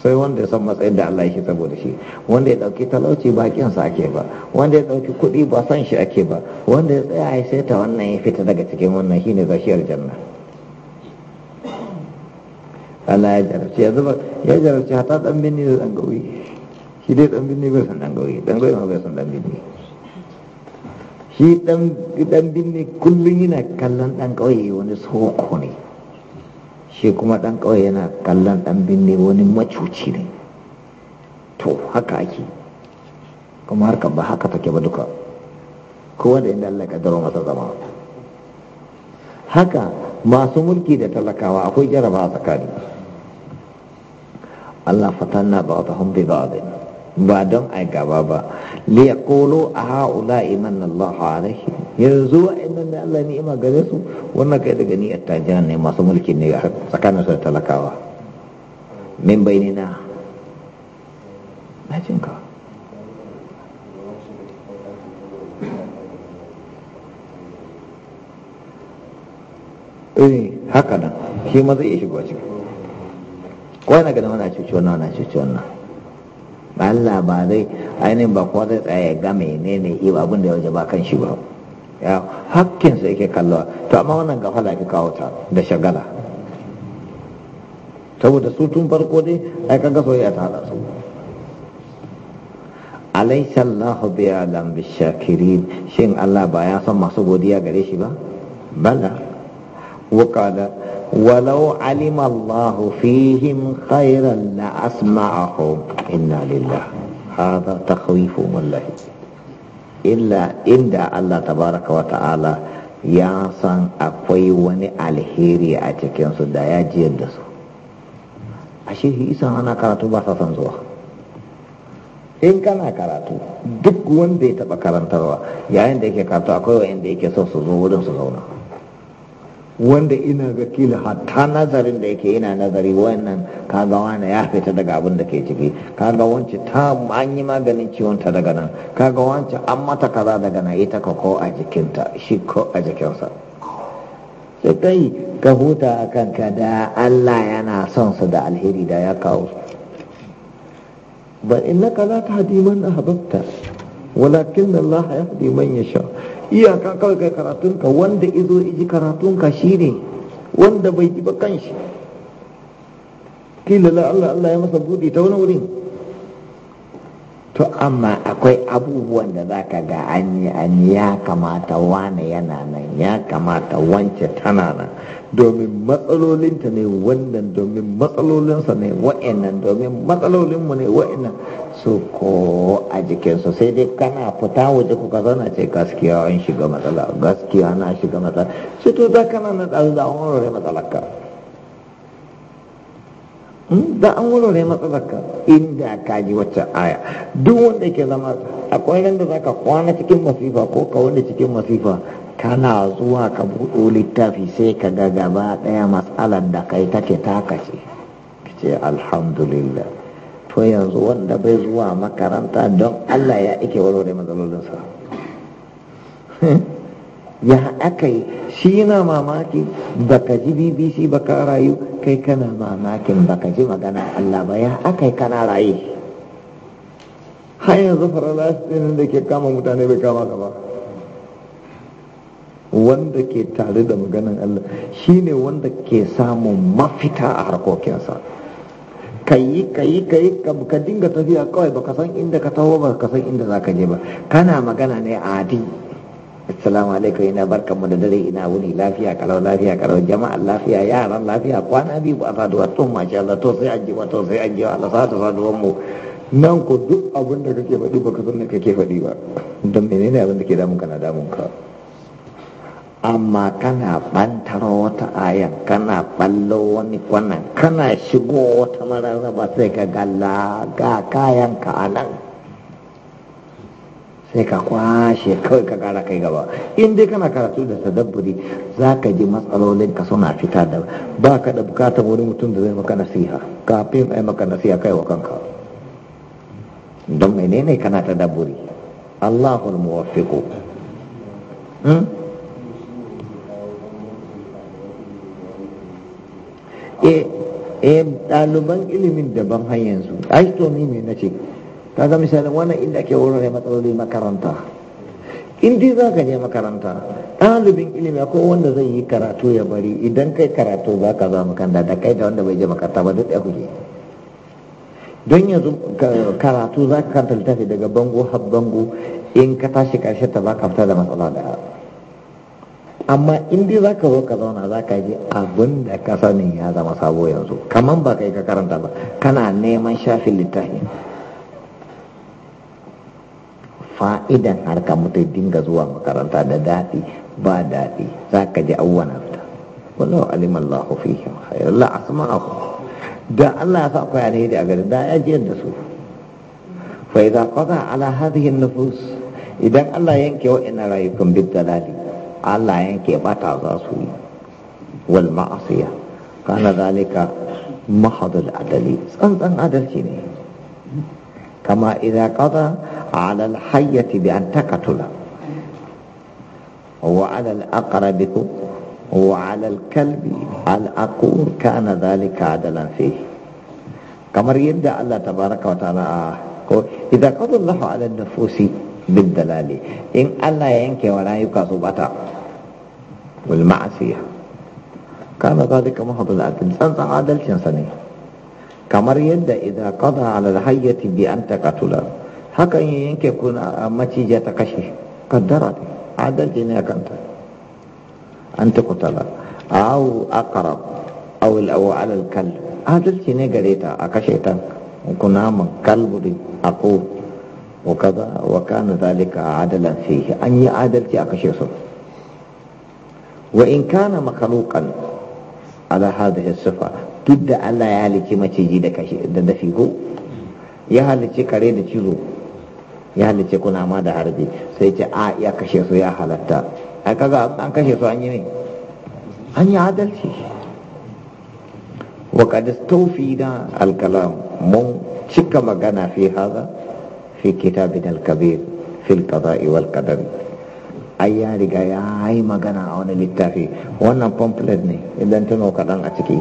sai wanda ya san matsayin da Allah yake saboda shi wanda ya dauki talauci ba kin sa ake ba wanda ya dauki kuɗi ba san shi ake ba wanda ya tsaya ya saita wannan ya fita daga cikin wannan shine zashi aljanna Allah ya jarabci ya zuba ya jarabci hata dan binni da dan gauyi shi dai dan binni bai san dan gauyi dan gauyi ma bai san dan binni shi dan dan binni kullun yana kallon dan gauyi wani soko ne shi kuma ɗan ƙauye yana kallon ɗan binne wani macuci ne to haka ake kuma harka ba haka take ba duka kowa da inda Allah kaddaro masa zama haka masu mulki da talakawa akwai jaraba a tsakani Allah fatanna ba'dahum bi ba'dhin ba don a gaba ba liya kolo a ha'ula iman Allah alaihi yanzu a inda da Allah ne ima gare su wannan kai daga ni a attajira ne masu mulki ne a tsakanin su talakawa min bai ne na bacin ka eh, haka nan shi ma zai iya shigo cikin kawai na gani wani a cuci wannan wani a cuci wannan Allah ba zai ainihin ba kuwa zai tsaye ga menene iya abin da ya waje ba kan shi ba ya hakkinsa yake kallawa to amma wannan gafala ke kawo ta da shagala saboda su tun farko dai ai kaga soyayya ta hada su alaysa Allahu bi alam bishakirin shin Allah ba ya san masu godiya gare shi ba bala wa qala ولو fihim khairan فيهم خيرا لأسمعهم إنا لله هذا تخويف والله إلا عند الله wa ta'ala ya san akwai wani alheri a cikinsu da ya jiyar da su a shirhi isa ana karatu ba san zuwa in kana karatu duk wanda ya taba karantarwa yayin da yake karatu akwai wanda yake son su zo wurin su zauna wanda ina ga kila hatta nazarin da yake ina nazari wannan kaga wani ya fita daga abin da ke ciki kaga wance ta an yi maganin ciwon ta daga nan kaga wance an mata kaza daga nan ita ka ko a jikinta shi ko a jikinsa sai kai ka huta a kanka da Allah yana son su da alheri da ya kawo ba ka za ta tahdi man ahbabta walakin Allah yahdi man yasha iyaka kawai kai karatunka wanda izo iji karatunka shine wanda bai ji ba kanshi kila la Allah Allah ya masa budi ta wani wurin to amma akwai abubuwan da za ka ga an yi an ya kamata wane yana nan ya kamata wance tana nan domin matsalolinta ne wannan domin matsalolinsa ne wa'annan domin matsalolinmu ne wa'annan su ko a jikinsu sai dai kana fita waje kuka zana ce gaskiya an shiga matsala gaskiya na shiga matsala su to da kana na tsari da an wurare ka hmm? da an wurare ka inda ka ji waccan aya duk wanda ke zama akwai ran da zaka kwana cikin masifa ko ka wanda cikin masifa kana zuwa ka buɗo littafi sai ka ga gaba ɗaya matsalar da kai take taka ce ce alhamdulillah to yanzu wanda bai zuwa makaranta don Allah ya ike warware matsalolinsa ya aka yi shi yana mamaki baka ji bbc baka rayu kai kana mamakin baka ji magana Allah ba ya aka yi kana rayu har yanzu faralasitin da ke kama mutane bai kama ka ba wanda ke tare da maganan Allah shi ne wanda ke samun mafita a harkokinsa ka yi ka yi ka yi ka dinga tafiya kawai baka san inda ka taho ba ka san inda za ka je ba kana magana ne a adi assalamu alaikum ina barkan mu da dare ina wuni lafiya kalau lafiya kalau jama'a lafiya yaran lafiya kwana biyu ba a saduwa to masha Allah to sai an wa to sai an wa Allah sa ta saduwan mu nan ko duk abin da kake faɗi baka san ka kake faɗi ba don menene abin da ke damun ka na damun ka amma kana bantara wata ayan kana ballo wani wannan kana shigo wata mararraba sai ka galla ga kayanka a nan sai ka kwashe kawai ka kara kai gaba in dai kana karatu da tadabburi za ka ji ka suna fita da ba ka da bukatar wani mutum da zai maka nasiha kafin a yi maka nasiha kai wa kanka don menene kana ta tadabburi Allahul muwaffiqu hmm? Eh, eh ɗaliban ilimin daban hanyar su. ai to ni ne nace zama misalin wannan inda ke wurin matsaloli makaranta in dai za ka je makaranta ɗalibin ilimi ko wanda zai yi karatu ya bari idan kai karatu za ka zama kanda, da kai da wanda bai je makaranta ba duk ɗaya kuke don yanzu karatu za ka kanta littafi daga bango har bango in ka tashi ƙarshe ta ba ka fita da matsala da amma inda za ka zo ka zauna za ka ji abin da ka sani ya zama sabo yanzu kamar ba kai ka karanta ba kana neman shafin littafi fa'idan har ka mutu dinga zuwa makaranta da daɗi ba daɗi za ka ji abubuwan fita aliman alim Allah a khairullah asma'ahu da Allah ya sa akwai alheri a gari da ya jiyar da su fa idza qada ala hadhihi nufus idan Allah yanke wa'annan rayukan bid daɗi على العينك بطاقة سوية والمعصية كان ذلك محض العدل أنت أن عدل كيني كما إذا قضى على الحية بأن تقتل وعلى الأقرب وعلى الكلب الأقول كان ذلك عدلا فيه كما يبدأ الله تبارك وتعالى إذا قضى الله على النفوس Bin dalali. in Allah ya yanke wa rayuka su bata wal ma'asiya kana zalika mahdhal adl san adalcin sa ne kamar yadda idan qada ala al hayyati bi an taqatula hakan ya yanke kuna macija ta kashe kaddara adalci ne akan ta an taqatala aw aqrab aw al aw ala al kalb adalci ne gare ta a kashe ta Kuna man kalbu a ko wakaza wa zalika adalan fihi an yi adalci a kashe su wa in kana makhluqan ala hadhihi sifa duk da Allah ya halici maciji da kashe da dafi go ya halici kare da cizo ya halice kuna ma da harbi sai ce a ya kashe su ya halatta a kaga an kashe su an yi ne an yi adalci wa qad tawfida al mun cika magana fi haza. في كتابنا الكبير في القضاء والقدر ai ya riga ya yi magana a wani littafi wannan pamphlet ne idan tuno kaɗan a ciki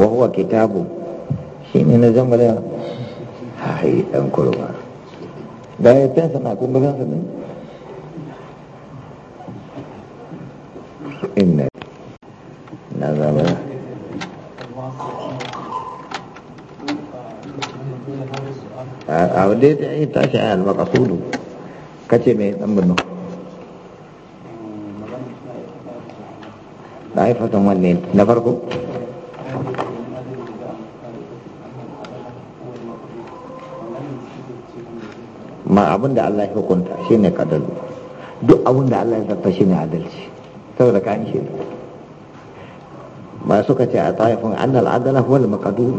wahuwa kitabu shi ne na zambala hahi ɗan kurwa da ya fensa na kuma fensa ne inna na zambala a wanda ya tashi a al-maqasudu kace mai dan Na yi fatan wannan na farko ma abin da Allah ya hukunta shine kadalu duk abin da Allah ya zarta ne adalci saboda kan shi ne. Ma suka ce a taifin annal adala huwal maqdur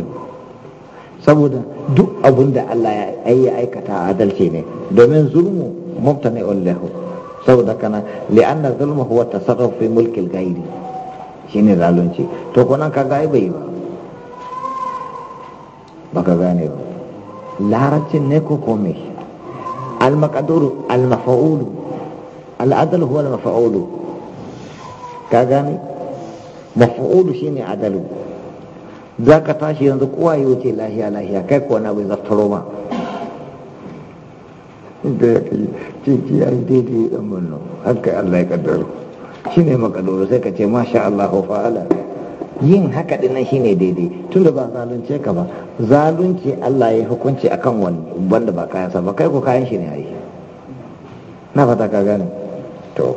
saboda duk abin da Allah ya aikata adalci ne domin zulmu mubtani lahu saboda kana li'anna zulmu huwa tasarruf fi mulkil ghairi shine zalunci to ka ga ai yi ba baka gane ba larabcin ne ko kome al maqdur al-maf'ulu al-adl huwa al-maf'ulu ka gane maf'ulu shine adalu za ka tashi yanzu kowa yi wuce lahiya lahiya kai ko na bai zartaro ma da ciki ya yi daidai ɗan wannan haka Allah ya kaddaro shi ne makadoro sai ka ce masha Allah fa'ala yin haka dinnan shi ne daidai tun da ba zalunce ka ba zalunci Allah ya hukunci akan wani wanda ba kayan sa ba kai ko kayan shi ne ai na fata ka gane to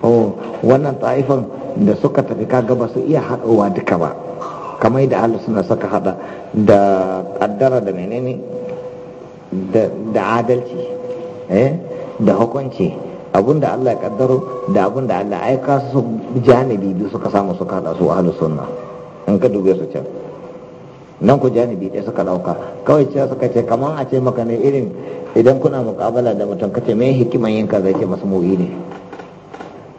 oh wannan ta'ifan da suka tafi kaga ba su iya haɗowa duka ba kamar da ahlus suna suka hada. da ƙaddara da menene da adalci eh? da hukunci da Allah ya kaddaro da da Allah aika su janibi biyu suka samu suka hada su ahlus sunna in ka dube su can nan ku janibi ɗaya suka ɗauka kawai cewa suka ce kamar a ce maka ne irin idan kuna muƙabala da mutum kace me hikiman yin zai ce masu mugi ne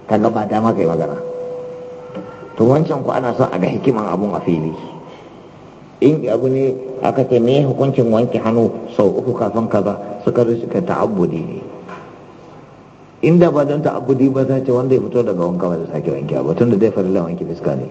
kaga ba dama kai magana to wancan ku ana son a ga hikiman abun a fili in abu ne aka ce me hukuncin wanke hannu sau uku kafin kaza suka zo suka ta'abbudi ne inda ba don ta'abbudi ba za ce wanda ya fito daga wanka ba da sake wanke ba tun da zai farilla wanke fuska ne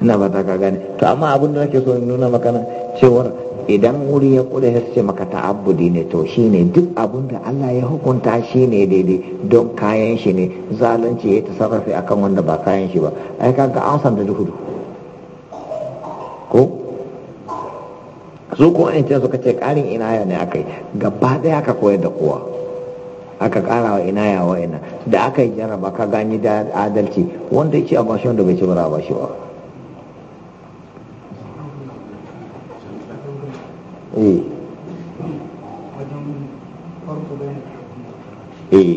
ina ba ta ka gane to amma abin da nake so in nuna maka cewar idan wuri ya kula ya ce maka ta'abbudi ne to shine duk abin da Allah ya hukunta shine daidai don kayan shi ne zalunci ya tasarrafi akan wanda ba kayan shi ba ai kaga an san da Duhudu, ko su ko ce suka ce karin inaya ne yi gaba daya aka koyar da kowa aka kara wa inaya wa ina da aka yi jarraba ka gani da adalci wanda ya ce a bashi wanda bai ci ba ba shi ba Eh. Eh.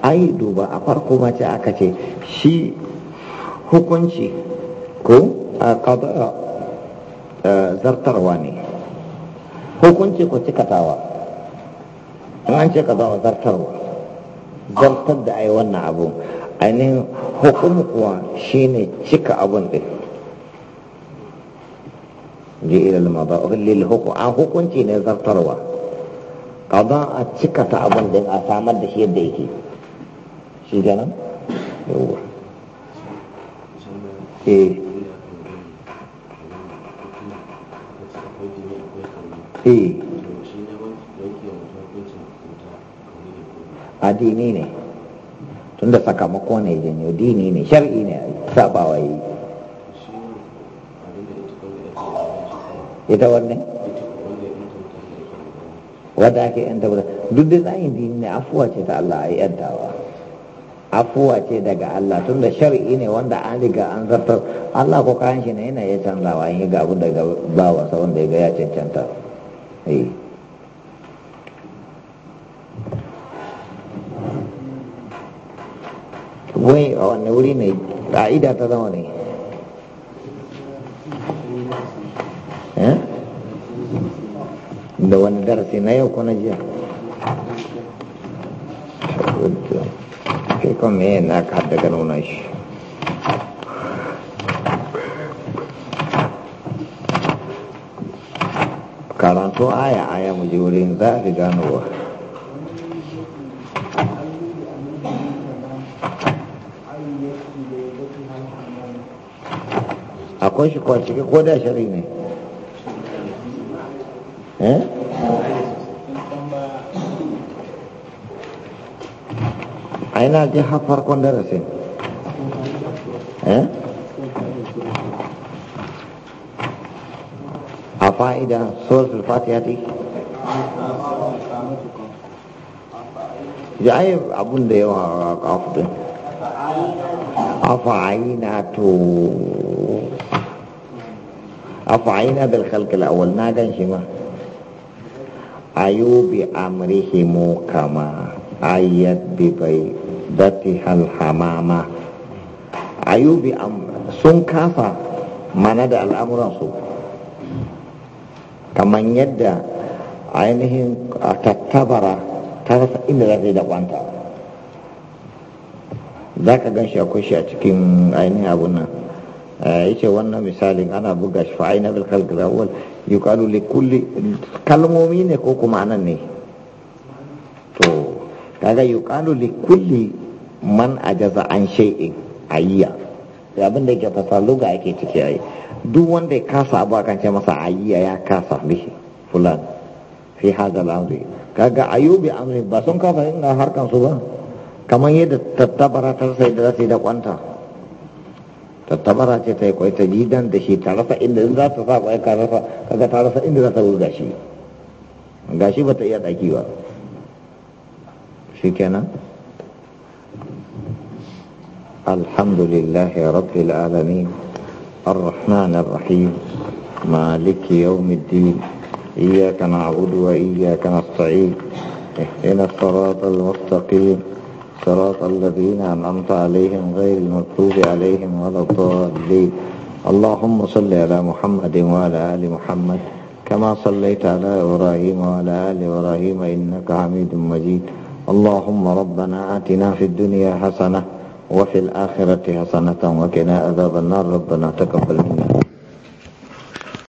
ai duba a farko mace ce aka ce shi hukunci ko a kada zartarwa ne hukunci ko cikatawa an ce ka zama zartarwa zartar da ai wannan abu ainihin hukumu kuwa shine cika abun din ji ilal mada lil hukum an hukunci ne zartarwa kaza a cika ta abin da a samar da shi yadda yake shi ganin yawa eh eh adini ne tunda sakamako ne janyo dini ne shar'i ne sabawa yi ita wanne wadda ake yanta wadda duk da yi dini ne afuwa ce ta Allah a yi yantawa afuwa ce daga Allah tun da shari'i ne wanda an riga an zartar Allah ko kayan shi ne yana ya canzawa an yi ga daga bawa sa da ya ga cancanta eh. wai a wanne wuri ne ƙa'ida ta zama ne da wani darasi na yau ko na jiya sai kuma me na ka daga nuna shi karanto aya aya mu je wurin za a ganowa akwai shi kwanciki ko da shari ne Eh? aina hafar har farkon darasin eh? a ida suratul fatiha ti ya yi abun da yawa a kafin a fa'ina to a fa'ina bil khalqil awwal na gan shi ma ayubi amrihi kama ayat bi bai dati hamama ayubi sun kafa mana da al'amuransu kamar yadda ainihin a tattabara ta rasa inda za ta yi da kwanta za ka gan shi akwai shi a cikin ainihin abunan eh, ya ce wannan misalin ana buga shi fa'ai na bilkal grawal yukalu li kalmomi ne ko kuma anan ne to kaga yukalu li kulli man ajaza an shay'in ayya ya abin da yake fasa luga yake ciki ayi duk wanda ya kasa abu akan ce masa ayya ya kasa mishi fulan fi hadha amri kaga ayubi amri ba sun kafa ina harkan su ba kamar yadda tattabara ta sai da zai da kwanta تتبرا چې ته کوئی ته دیدن ان د ذات په کوئی طرفه کغه طرفه ان د ذات ول غشي غشي وته یا الحمد لله رب العالمين الرحمن الرحيم مالك يوم الدين إياك نعبد وإياك نستعين اهدنا الصراط المستقيم صراط الذين أنعمت عليهم غير المغضوب عليهم ولا الضالين اللهم صل على محمد وعلى آل محمد كما صليت على إبراهيم وعلى آل إبراهيم إنك حميد مجيد اللهم ربنا آتنا في الدنيا حسنة وفي الآخرة حسنة وقنا عذاب النار ربنا تقبل منا